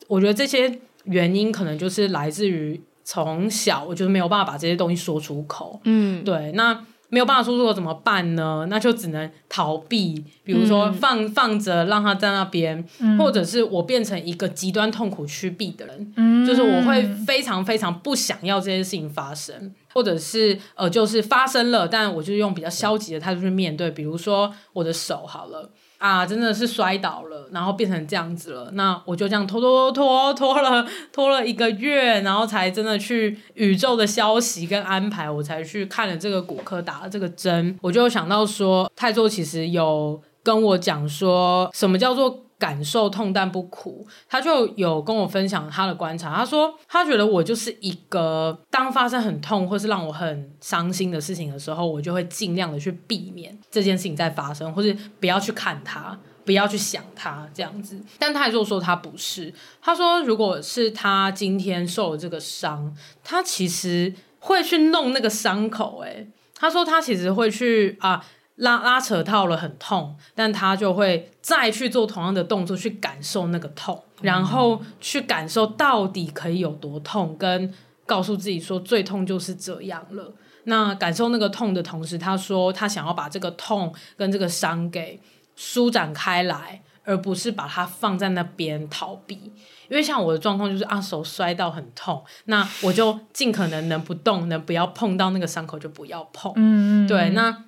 我覺得這些。原因可能就是來自於從小我就沒有辦法把這些東西說出口，嗯，對，那沒有辦法說出口怎麼辦呢？那就只能逃避，比如說放、嗯、放着讓他在那邊，嗯、或者是我變成一個極端痛苦趨避的人，嗯、就是我會非常非常不想要這些事情發生，或者是呃，就是發生了，但我就是用比較消極的態度去面對，嗯、比如說我的手好了。啊，真的是摔倒了，然後變成這樣子了。那我就這樣拖拖拖拖了，拖了一個月，然後才真的去宇宙的消息跟安排，我才去看了這個骨科，打了這個針。我就想到說，泰作其實有跟我講說，什麼叫做。感受痛但不苦，他就有跟我分享他的觀察。他說他覺得我就是一個，當發生很痛或是讓我很傷心的事情的時候，我就會盡量的去避免這件事情再發生，或是不要去看他，不要去想他這樣子。但他還說說他不是，他說如果是他今天受了這個傷，他其實會去弄那個傷口欸。哎，他說他其實會去啊。拉拉扯到了很痛，但他就會再去做同樣的動作，去感受那個痛，嗯、然後去感受到底可以有多痛，跟告訴自己說最痛就是這樣了。那感受那個痛的同時，他說他想要把這個痛跟這個傷給舒展開來，而不是把它放在那邊逃避。因為像我的狀況就是啊，手摔到很痛，那我就盡可能能不動，能不要碰到那個傷口就不要碰。嗯嗯嗯，對，那。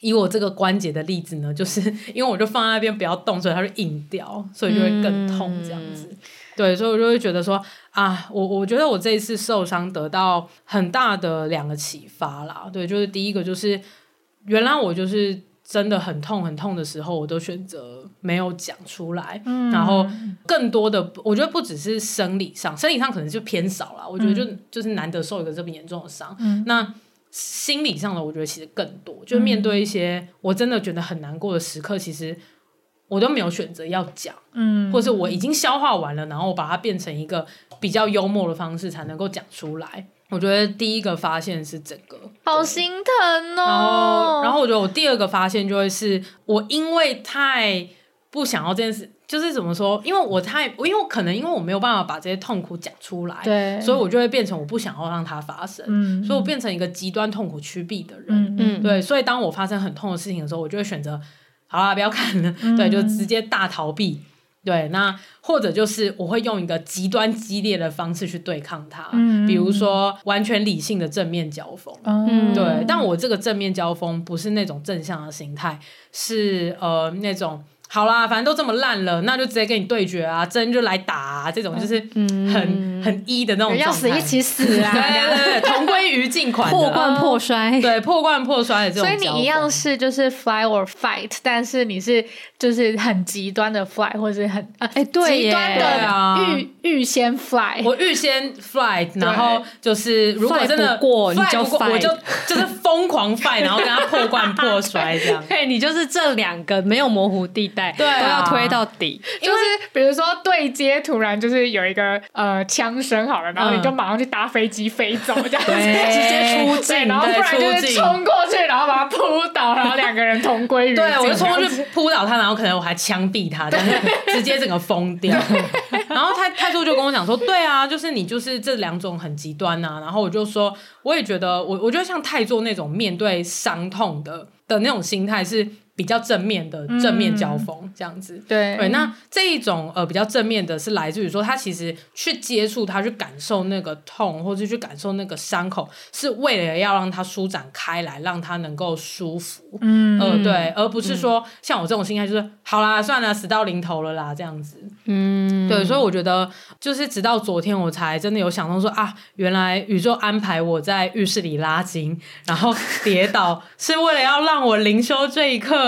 以我這個關節的例子呢，就是因為我就放在那邊不要動，所以它就硬掉，所以就會更痛這樣子。嗯、對，所以我就會覺得說啊，我我覺得我這一次受傷得到很大的兩個啟發啦。對，就是第一個就是，原來我就是真的很痛很痛的時候，我都選擇沒有講出來。嗯、然後更多的我覺得不只是生理上，生理上可能就偏少了。我覺得就、嗯、就是難得受一個這麼嚴重的傷。嗯、那。心理上的，我覺得其實更多，就面對一些我真的覺得很難過的時刻，嗯、其實我都沒有選擇要講，嗯，或是我已經消化完了，然後我把它變成一個比較幽默的方式才能夠講出來。我覺得第一個發現是這個，好心疼哦、喔。然後我覺得我第二個發現就會是我因為太不想要這件事。就是怎麼說？因為我太，因為我可能，因為我沒有辦法把這些痛苦講出來，對，所以我就會變成我不想要讓它發生，嗯、所以我變成一個極端痛苦趨避的人，嗯，對，所以當我發生很痛的事情的時候，我就會選擇，好啦，不要看了，嗯、對，就直接大逃避，對，那或者就是我會用一個極端激烈的方式去對抗它，嗯、比如說完全理性的正面交鋒，嗯，對，但我這個正面交鋒不是那種正向的形態，是呃那種。好啦，反正都這麼爛了，那就直接跟你對決啊！真就來打啊，這種，就是很很一的那種，要死一起死啊！對對對，同歸於盡款，破罐破摔。對，破罐破摔的這種。所以你一樣是就是 fly or fight，但是你是就是很極端的 fly，或者是很哎對極端的預預先 fly。我預先 fly，然後就是如果真的過，你就我就就是瘋狂 fight，然後跟他破罐破摔這樣。對，你就是這兩個沒有模糊地。對、都、啊、要推到底。為就是比如說對街，突然就是有一個呃槍聲，槍聲好了，然後你就馬上去搭飛機飛走，這樣子、嗯、對直接出境，然後不然就是衝過去，然後把他撲倒，然後兩個人同歸於盡。對，我就衝過去撲倒他，然後可能我還槍斃他，對直接整個瘋掉。 然後泰泰座就跟我講說：“對啊，就是你就是這兩種很極端吶、啊。”然後我就說：“我也覺得，我我覺得像泰座那種面對傷痛的的那種心態是。”比較正面的正面交鋒這樣子，嗯、對對，那這一種呃比較正面的是來自於說，他其實去接觸他、去感受那個痛或者去感受那個傷口是為了要讓他舒展開來，讓他能夠舒服，嗯、呃、對，而不是說像我這種心態就是、嗯、好啦，算了，死到臨頭了啦這樣子，嗯，對，所以我覺得就是直到昨天我才真的有想到說，啊，原來宇宙安排我在浴室裡拉筋，然後跌倒， 是為了要讓我靈修這一刻。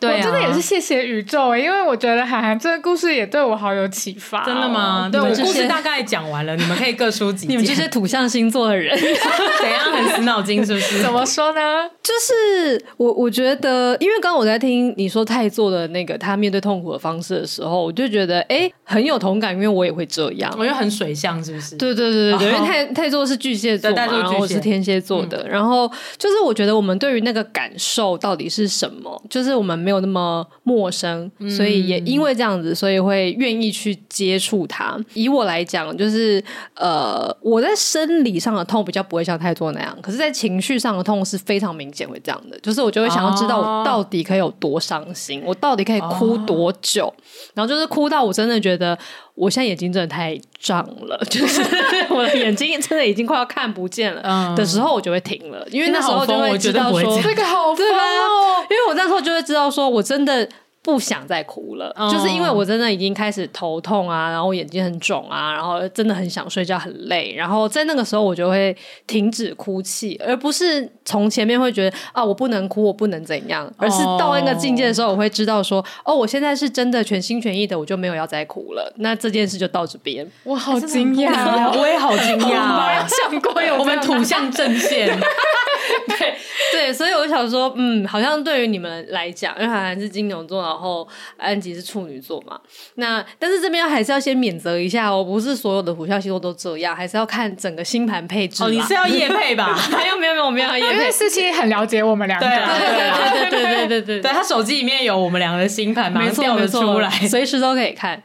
對，真的也是謝謝宇宙，因為我覺得喊涵這個故事也對我好有啟發。真的嗎？對，我故事大概講完了，你們可以各抒己見。你們這些土象星座的人怎樣很死腦筋，是不是？怎麼說呢？就是我我覺得，因為剛剛我在聽你說泰座的那個他面對痛苦的方式的時候，我就覺得哎很有同感，因為我也會這樣。我覺得很水象，是不是？對對對對對，因為泰泰座是巨蟹座嘛，然後我是天蠍座的，然後就是我覺得我們對於那個感受到底是什麼，就是我們沒。沒有那麼陌生，所以也因為這樣子，所以會願意去接觸它。嗯、以我來講，就是呃，我在生理上的痛比較不會像太多那樣，可是在情緒上的痛是非常明顯，會這樣的。就是我就會想要知道我到底可以有多傷心，啊、我到底可以哭多久，啊、然後就是哭到我真的覺得。我現在眼睛真的太脹了，就是我的眼睛真的已經快要看不見了的時候，我就會停了，嗯、因為那時候就會知道說、嗯、這個好，對吧、哦？哦、因為我那時候就會知道說我真的。不想再哭了，嗯、就是因為我真的已經開始頭痛啊，然後眼睛很腫啊，然後真的很想睡覺，很累。然後在那個時候，我就會停止哭泣，而不是從前面會覺得啊，我不能哭，我不能怎樣，而是到那個境界的時候，我會知道說，哦，哦，我現在是真的全心全意的，我就沒有要再哭了。那這件事就到這邊。我好驚訝，欸、 我也好驚訝， 像郭我們土象陣線。 對，對，所以我想說，嗯，好像對於你們來講，因為喊涵是金牛座，然後安吉是處女座嘛。那但是這邊還是要先免責一下哦，我不是所有的土象星座都這樣，還是要看整個星盤配置。哦，你是要業配吧？ 沒有沒有沒有沒有要業配。因為四七很了解我們兩個。對了對對對對對對，對他手機裡面有我們倆的星盤，馬上調的出來，沒錯沒錯，隨時都可以看。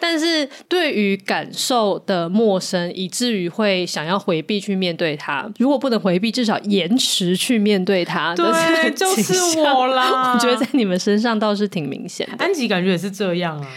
但是對於感受的陌生，以至於會想要回避去面對它。如果不能回避，至少延遲去面對它。對，就是我啦。我覺得在你們身上倒是挺明顯的。安吉感覺也是這樣啊。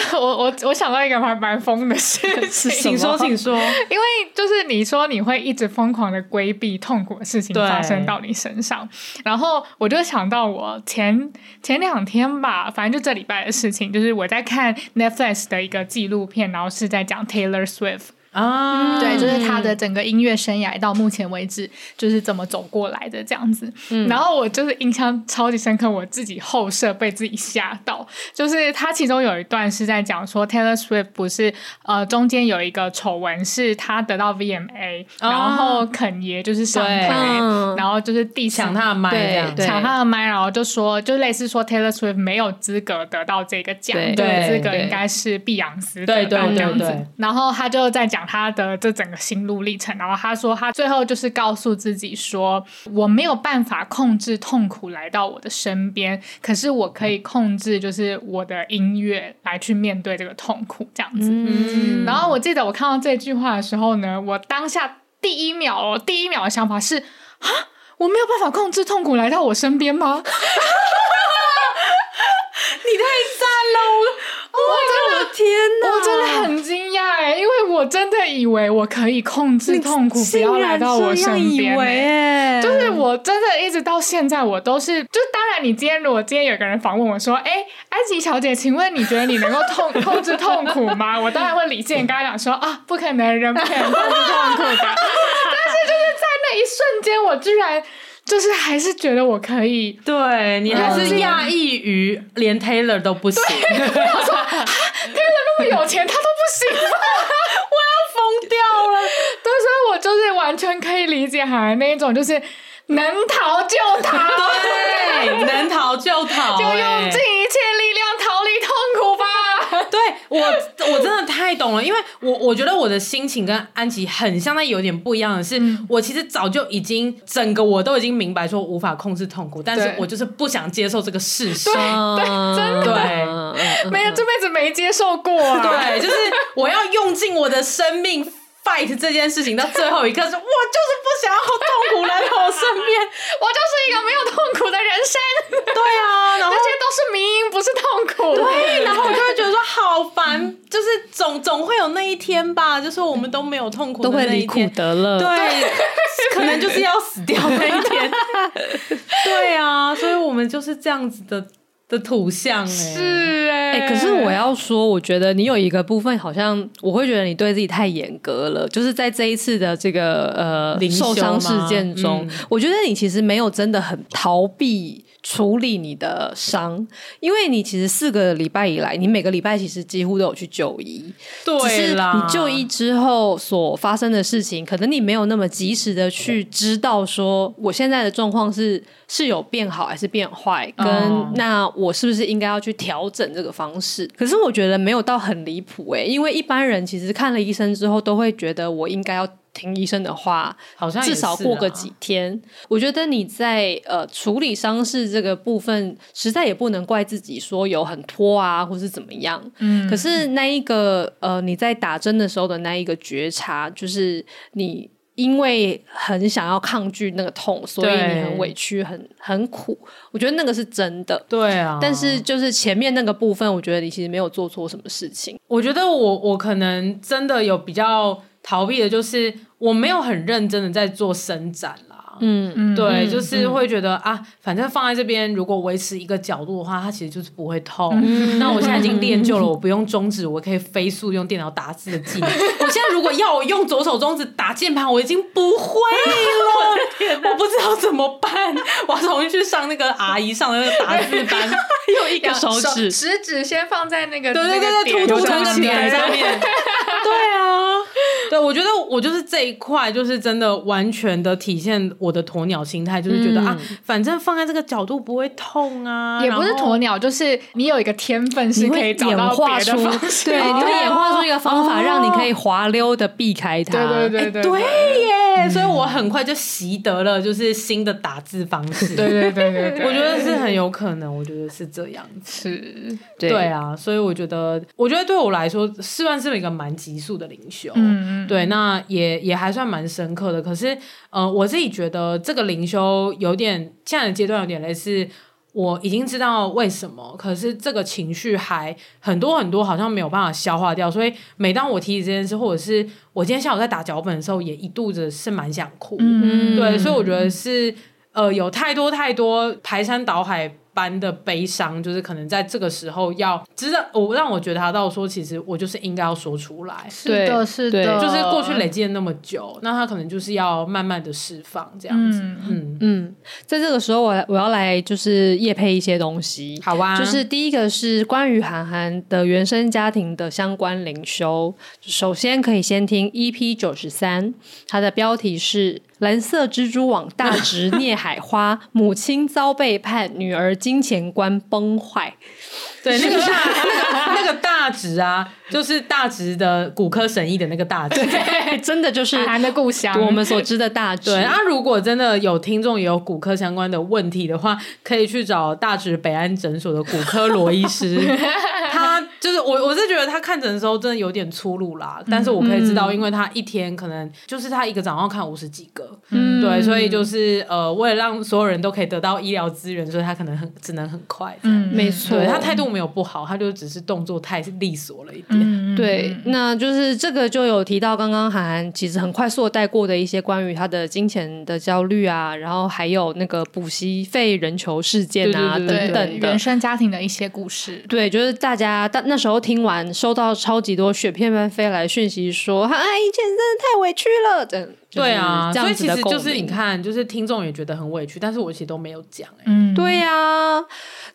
我我我想到一個蠻蠻瘋的事情，是什麼？請 說，請說。因為就是你說你會一直瘋狂的規避痛苦的事情發生到你身上，對然後我就想到我前前兩天吧，反正就這禮拜的事情，就是我在看 Netflix 的一個紀錄片，然後是在講 Taylor Swift。啊，對，就是他的整個音樂生涯到目前為止，就是怎麼走過來的這樣子。然後我就是印象超級深刻，我自己後設被自己嚇到。就是他其中有一段是在講說，Taylor Swift 不是呃中間有一個醜聞，是他得到 VMA，然後肯爺就是上台，然後就是搶他的麥，搶他的麥，然後就說，就類似說 Taylor Swift 沒有資格得到這個獎，對，資格應該是碧昂斯得到，對對這樣子。然後他就在講。他的這整個心路歷程，然後他說他最後就是告訴自己說，我沒有辦法控制痛苦來到我的身邊，可是我可以控制，就是我的音樂來去面對這個痛苦這樣子。嗯嗯、然後我記得我看到這句話的時候呢，我當下第一秒，第一秒的想法是，啊，我沒有辦法控制痛苦來到我身邊嗎？ 你太讚了，我真的。Oh 天吶！我真的很驚訝哎，嗯、因為我真的以為我可以控制痛苦你不要來到我身邊、欸。以為欸、就是我真的一直到現在，我都是就當然，你今天如果今天有一個人訪問我說，哎、欸，安琪小姐，請問你覺得你能夠痛控制 痛，痛苦嗎？我當然會理性跟他講說，啊，不可能，人不可能控制痛苦的。 但是就是在那一瞬間，我居然。就是還是覺得我可以，對，你還是訝異於連，連 Taylor 都不行。我說 啊，Taylor 那麼有錢，他都不行嗎？ 我要瘋掉了。但是 對，我就是完全可以理解，喊涵那一種就是能逃就逃，對， 能逃就逃，欸，就用盡一切力。 我我真的太懂了，因為我我覺得我的心情跟安琪很像，但有點不一樣的是，嗯、我其實早就已經整個我都已經明白說無法控制痛苦，對但是我就是不想接受這個事實，對，真的，對，對嗯、沒有這輩子沒接受過、啊，對，就是我要用盡我的生命。Fight 這件事情到最後一刻是， 我就是不想要痛苦來到我身邊， 我就是一個沒有痛苦的人生。對啊，然後這些都是命運，不是痛苦。對，然後我就會覺得說好煩， 嗯、就是總總會有那一天吧，就是我們都沒有痛苦的那一天。得了，對， 可能就是要死掉那一天。對啊，所以我們就是這樣子的。的圖像、欸、是哎、欸欸，可是我要說，我覺得你有一個部分，好像我會覺得你對自己太嚴格了，就是在這一次的這個呃受傷事件中，嗯、我覺得你其實沒有真的很逃避。處理你的傷，因為你其實四個禮拜以來，你每個禮拜其實幾乎都有去就醫。對啦，你就醫之後所發生的事情，可能你沒有那麼及時的去知道說，我現在的狀況是是有變好還是變壞，跟那我是不是應該要去調整這個方式？嗯、可是我覺得沒有到很離譜哎，因為一般人其實看了醫生之後，都會覺得我應該要。聽醫生的話，好像、啊、至少過個幾天。我覺得你在呃處理傷勢這個部分，實在也不能怪自己說有很拖啊，或是怎麼樣。嗯、可是那一個呃你在打針的時候的那一個覺察，就是你因為很想要抗拒那個痛，所以你很委屈，對很很苦。我覺得那個是真的，對啊。但是就是前面那個部分，我覺得你其實沒有做錯什麼事情。我覺得我我可能真的有比較。逃避的，就是我沒有很認真的在做伸展啦，嗯嗯，對，就是會覺得啊，反正放在這邊，如果維持一個角度的話，它其實就是不會痛。那我現在已經練就了，我不用中指，我可以飛速用電腦打字的技能。我現在如果要我用左手中指打鍵盤，我已經不會了。我的天，我不知道怎麼辦，我要重新去上那個阿姨上的那個打字班，用一個手指，食指先放在那個，對對對對，凸凸凸起來上面，對啊。我覺得我就是這一塊，就是真的完全的體現我的鴕鳥心態，就是覺得啊，反正放在這個角度不會痛啊，也不是鴕鳥，就是你有一個天分，是可以演化出對，你會演化出一個方法，讓你可以滑溜的避開它。對對對對，對耶！所以我很快就習得了就是新的打字方式。對對對對，我覺得是很有可能，我覺得是這樣子。對啊，所以我覺得，我覺得對我來說，試辦是一個蠻急速的靈修。嗯。對，那也也還算蠻深刻的。可是，呃，我自己覺得這個靈修有點，現在的階段有點類似，我已經知道為什麼，可是這個情緒還很多很多，好像沒有辦法消化掉。所以，每當我提起這件事，或者是我今天下午在打腳本的時候，也一肚子是蠻想哭。嗯，對，所以我覺得是，呃，有太多太多排山倒海。般的悲傷，就是可能在這個時候要知道，我讓我覺得他到說，其實我就是應該要說出來。是的，對是的，就是過去累積了那麼久，那他可能就是要慢慢的釋放這樣子。嗯嗯，在這個時候我，我我要來就是業配一些東西。好啊吧，就是第一個是關於喊涵的原生家庭的相關靈修。首先可以先聽 EP 九十三，它的標題是《藍色蜘蛛網》，大植聶海花 母親遭背叛，女兒。金錢觀崩壞，對，那個那個大直啊，就是大直的骨科神醫的那個大直、啊、 真的就是的故鄉，我們所知的大直然、啊那個啊、如果真的有聽眾有骨科相關的問題的話，可以去找大直北安診所的骨科羅醫師。 就是我，我是覺得他看診的時候真的有點粗魯啦。嗯、但是我可以知道，嗯、因為他一天可能就是他一個早上看五十幾個，嗯、對，所以就是呃，為了讓所有人都可以得到醫療資源，所以他可能很只能很快。嗯，對沒錯錯，他態度沒有不好，他就只是動作太利索了一點。嗯、對，那就是這個就有提到剛剛喊涵其實很快速帶過的一些關於他的金錢的焦慮啊，然後還有那個補習費人球事件啊對對對對對等等的，原生家庭的一些故事。對，就是大家那時候聽完，收到超級多雪片般飛來訊息，說：“哎，以前真的太委屈了。嗯”等、就是、對啊，所以其實就是你看，就是聽眾也覺得很委屈，但是我其實都沒有講哎、欸。嗯，對呀、啊。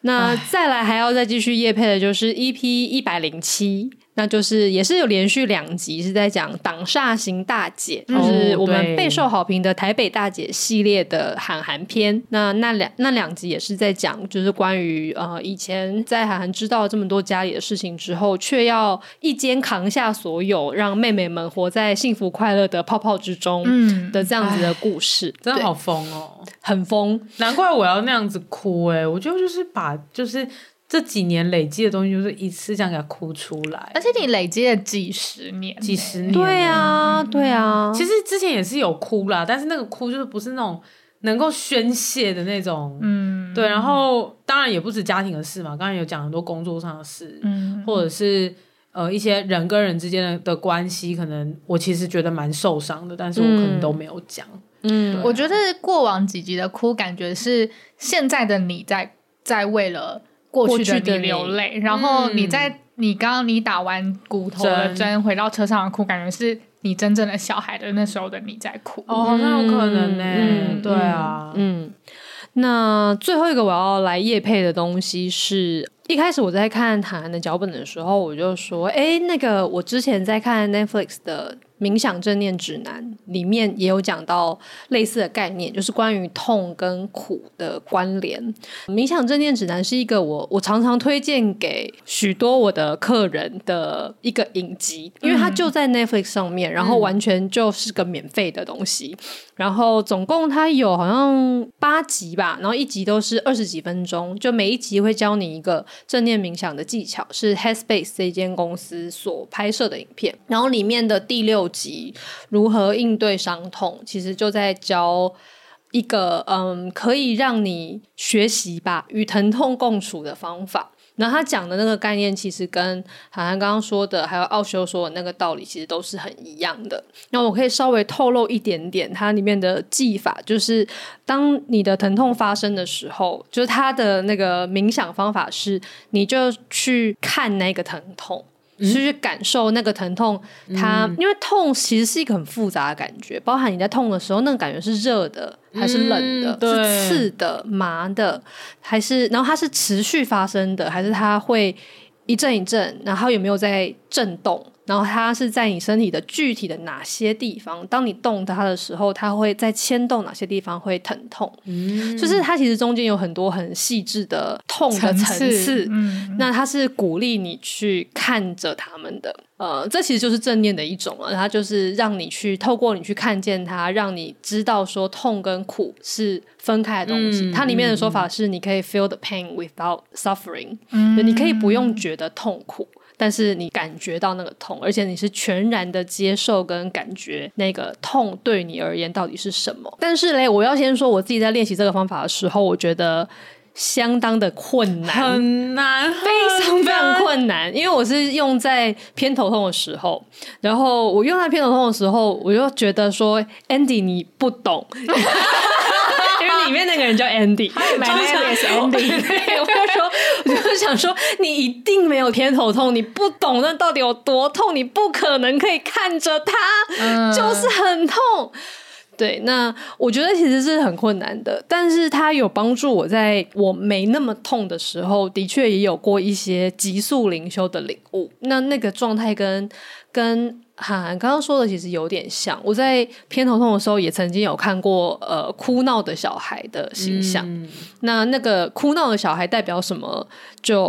那唉再來還要再繼續業配的就是 EP 一百零七。那就是也是有連續兩集是在講擋煞型大姐，嗯、就是我們備受好評的台北大姐系列的喊涵篇。哦、那那兩那兩集也是在講，就是關於呃以前在喊涵知道這麼多家裡的事情之後，卻要一肩扛下所有，讓妹妹們活在幸福快樂的泡泡之中的這樣子的故事，嗯、對真的好瘋哦，很瘋瘋，難怪我要那樣子哭哎、欸，我就就是把就是。這幾年累積的東西，就是一次這樣給它哭出來，而且你累積了幾十年、欸，幾十年，對啊，對啊。其實之前也是有哭啦，但是那個哭就是不是那種能夠宣洩的那種，嗯，對。然後當然也不止家庭的事嘛，嗯、剛才有講很多工作上的事，嗯，或者是呃一些人跟人之間的的關係，可能我其實覺得蠻受傷的，但是我可能都沒有講。嗯，對我覺得過往幾集的哭，感覺是現在的你在在為了。過去的你流淚，嗯、然後你在你剛剛你打完骨頭的針真回到車上哭，感覺是你真正的小孩的那時候的你在哭。哦，那有可能呢、欸。嗯，嗯對啊，嗯。那最後一個我要來業配的東西是，一開始我在看喊涵的腳本的時候，我就說，誒、欸，那個我之前在看 Netflix 的冥想正念指南裡面也有講到類似的概念，就是關於痛跟苦的關聯。冥想正念指南是一個我我常常推薦給許多我的客人的一個影集，因為它就在 Netflix 上面，嗯、然後完全就是個免費的東西。嗯、然後總共它有好像八集吧，然後一集都是二十幾分鐘，就每一集會教你一個正念冥想的技巧，是 Headspace 這間公司所拍攝的影片。然後裡面的第六。及如何應對傷痛，其實就在教一個嗯，可以讓你學習吧，與疼痛共處的方法。然後他講的那個概念，其實跟喊涵剛剛說的，還有奧修說的那個道理，其實都是很一樣的。那我可以稍微透露一點點，它裡面的技法，就是當你的疼痛發生的時候，就是他的那個冥想方法是，你就去看那個疼痛。去感受那個疼痛，嗯、它，因為痛其實是一個很複雜的感覺，包含你在痛的時候，那個感覺是熱的還是冷的，嗯、是刺的、麻的，還是，然後它是持續發生的，還是它會一陣一陣，然後有沒有在震動？然後它是在你身體的具體的哪些地方？當你動它的時候，它會在牽動哪些地方會疼痛？嗯，就是它其實中間有很多很細緻的痛的層次。層次，嗯，那它是鼓勵你去看着它們的。呃，這其實就是正念的一種啊。它就是讓你去透過你去看見它，讓你知道說痛跟苦是分開的東西。嗯，它裡面的說法是，你可以 feel the pain without suffering，嗯，你可以不用覺得痛苦。但是你感覺到那個痛，而且你是全然的接受跟感覺那個痛對你而言到底是什麼？但是嘞，我要先說我自己在練習這個方法的時候，我覺得相當的困難，很難，非常非常困難。很難。因為我是用在偏頭痛的時候，然後我用在偏頭痛的時候，我就覺得說，Andy 你不懂。 裡面那個人叫 Andy，小我就說，我就想說，你一定沒有偏頭痛，你不懂那到底有多痛，你不可能可以看着他，嗯、就是很痛。對，那我覺得其實是很困難的，但是他有幫助我在我沒那麼痛的時候，的確也有過一些急速靈修的領悟。那那個狀態跟跟，跟哈，剛剛說的其實有點像。我在偏頭痛的時候，也曾經有看過呃哭鬧的小孩的形象。嗯。那那個哭鬧的小孩代表什麼？就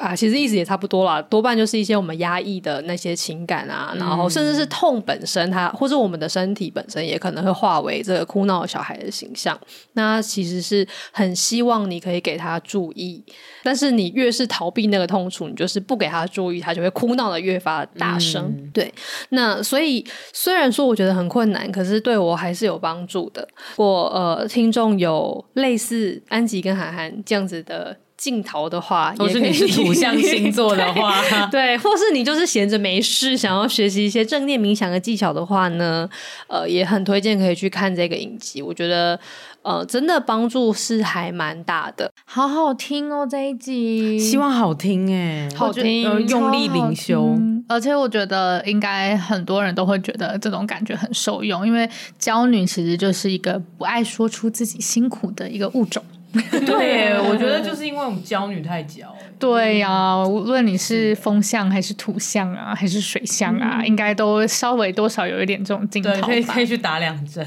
啊，其實意思也差不多啦。多半就是一些我們壓抑的那些情感啊，然後甚至是痛本身，它或者我們的身體本身也可能會化為這個哭鬧的小孩的形象。那其實是很希望你可以給他注意，但是你越是逃避那個痛楚，你就是不給他注意，他就會哭鬧的越發大聲。嗯。對。那所以雖然說我覺得很困難，可是對我還是有幫助的。我呃，聽眾有類似安吉跟喊涵這樣子的鏡頭的話，也或是你是土象星座的話 對，對，或是你就是閒着沒事想要學習一些正念冥想的技巧的話呢，呃，也很推薦可以去看這個影集。我覺得呃，真的幫助是還蠻大的。好好聽哦這一集，希望好聽哎、欸，好，好聽、呃，用力靈修而且我覺得，應該很多人都會覺得這種感覺很受用，因為驕女其實就是一個不愛說出自己辛苦的一個物種。 對， 我覺得就是因為我們驕女太驕。對呀、啊，無論你是風象還是土象啊，還是水象啊，嗯、應該都稍微多少有一點這種鏡頭。對，可以可以去打兩針。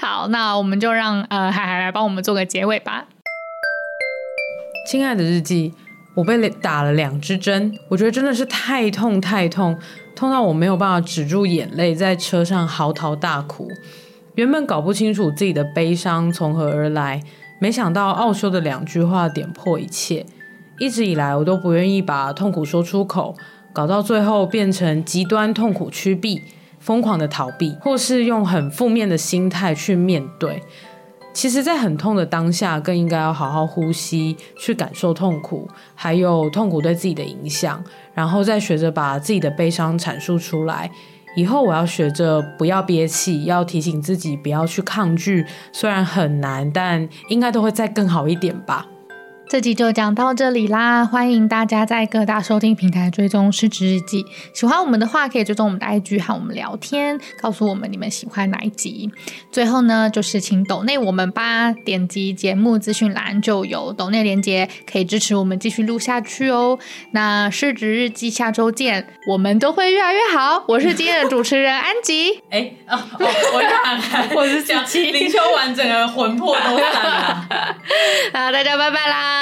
好，那我們就讓呃海海來幫我們做個結尾吧。親愛的日記。我被打了兩支針，我覺得真的是太痛太痛，痛到我沒有辦法止住眼淚，在車上嚎啕大哭。原本搞不清楚自己的悲傷從何而來，沒想到奧修的兩句話點破一切。一直以來，我都不願意把痛苦說出口，搞到最後變成極端痛苦趨避，瘋狂的逃避，或是用很負面的心態去面對。其實，在很痛的當下，更應該要好好呼吸，去感受痛苦，還有痛苦對自己的影響，然後再學着把自己的悲傷闡述出來。以後我要學着不要憋氣，要提醒自己不要去抗拒，雖然很難，但應該都會再更好一點吧。這集就講到這裡啦，歡迎大家在各大收聽平台追蹤失職日記。喜歡我們的話，可以追蹤我們的 IG 和我們聊天，告訴我們你們喜歡哪一集。最後呢，就是請抖內我們吧，點擊節目資訊欄就有抖內連結，可以支持我們繼續錄下去哦。那失職日記下周見，我們都會越來越好。我是今天的主持人安吉、 欸哦哦，我 我是講靈修完整個魂魄都散了。 好，大家拜拜啦。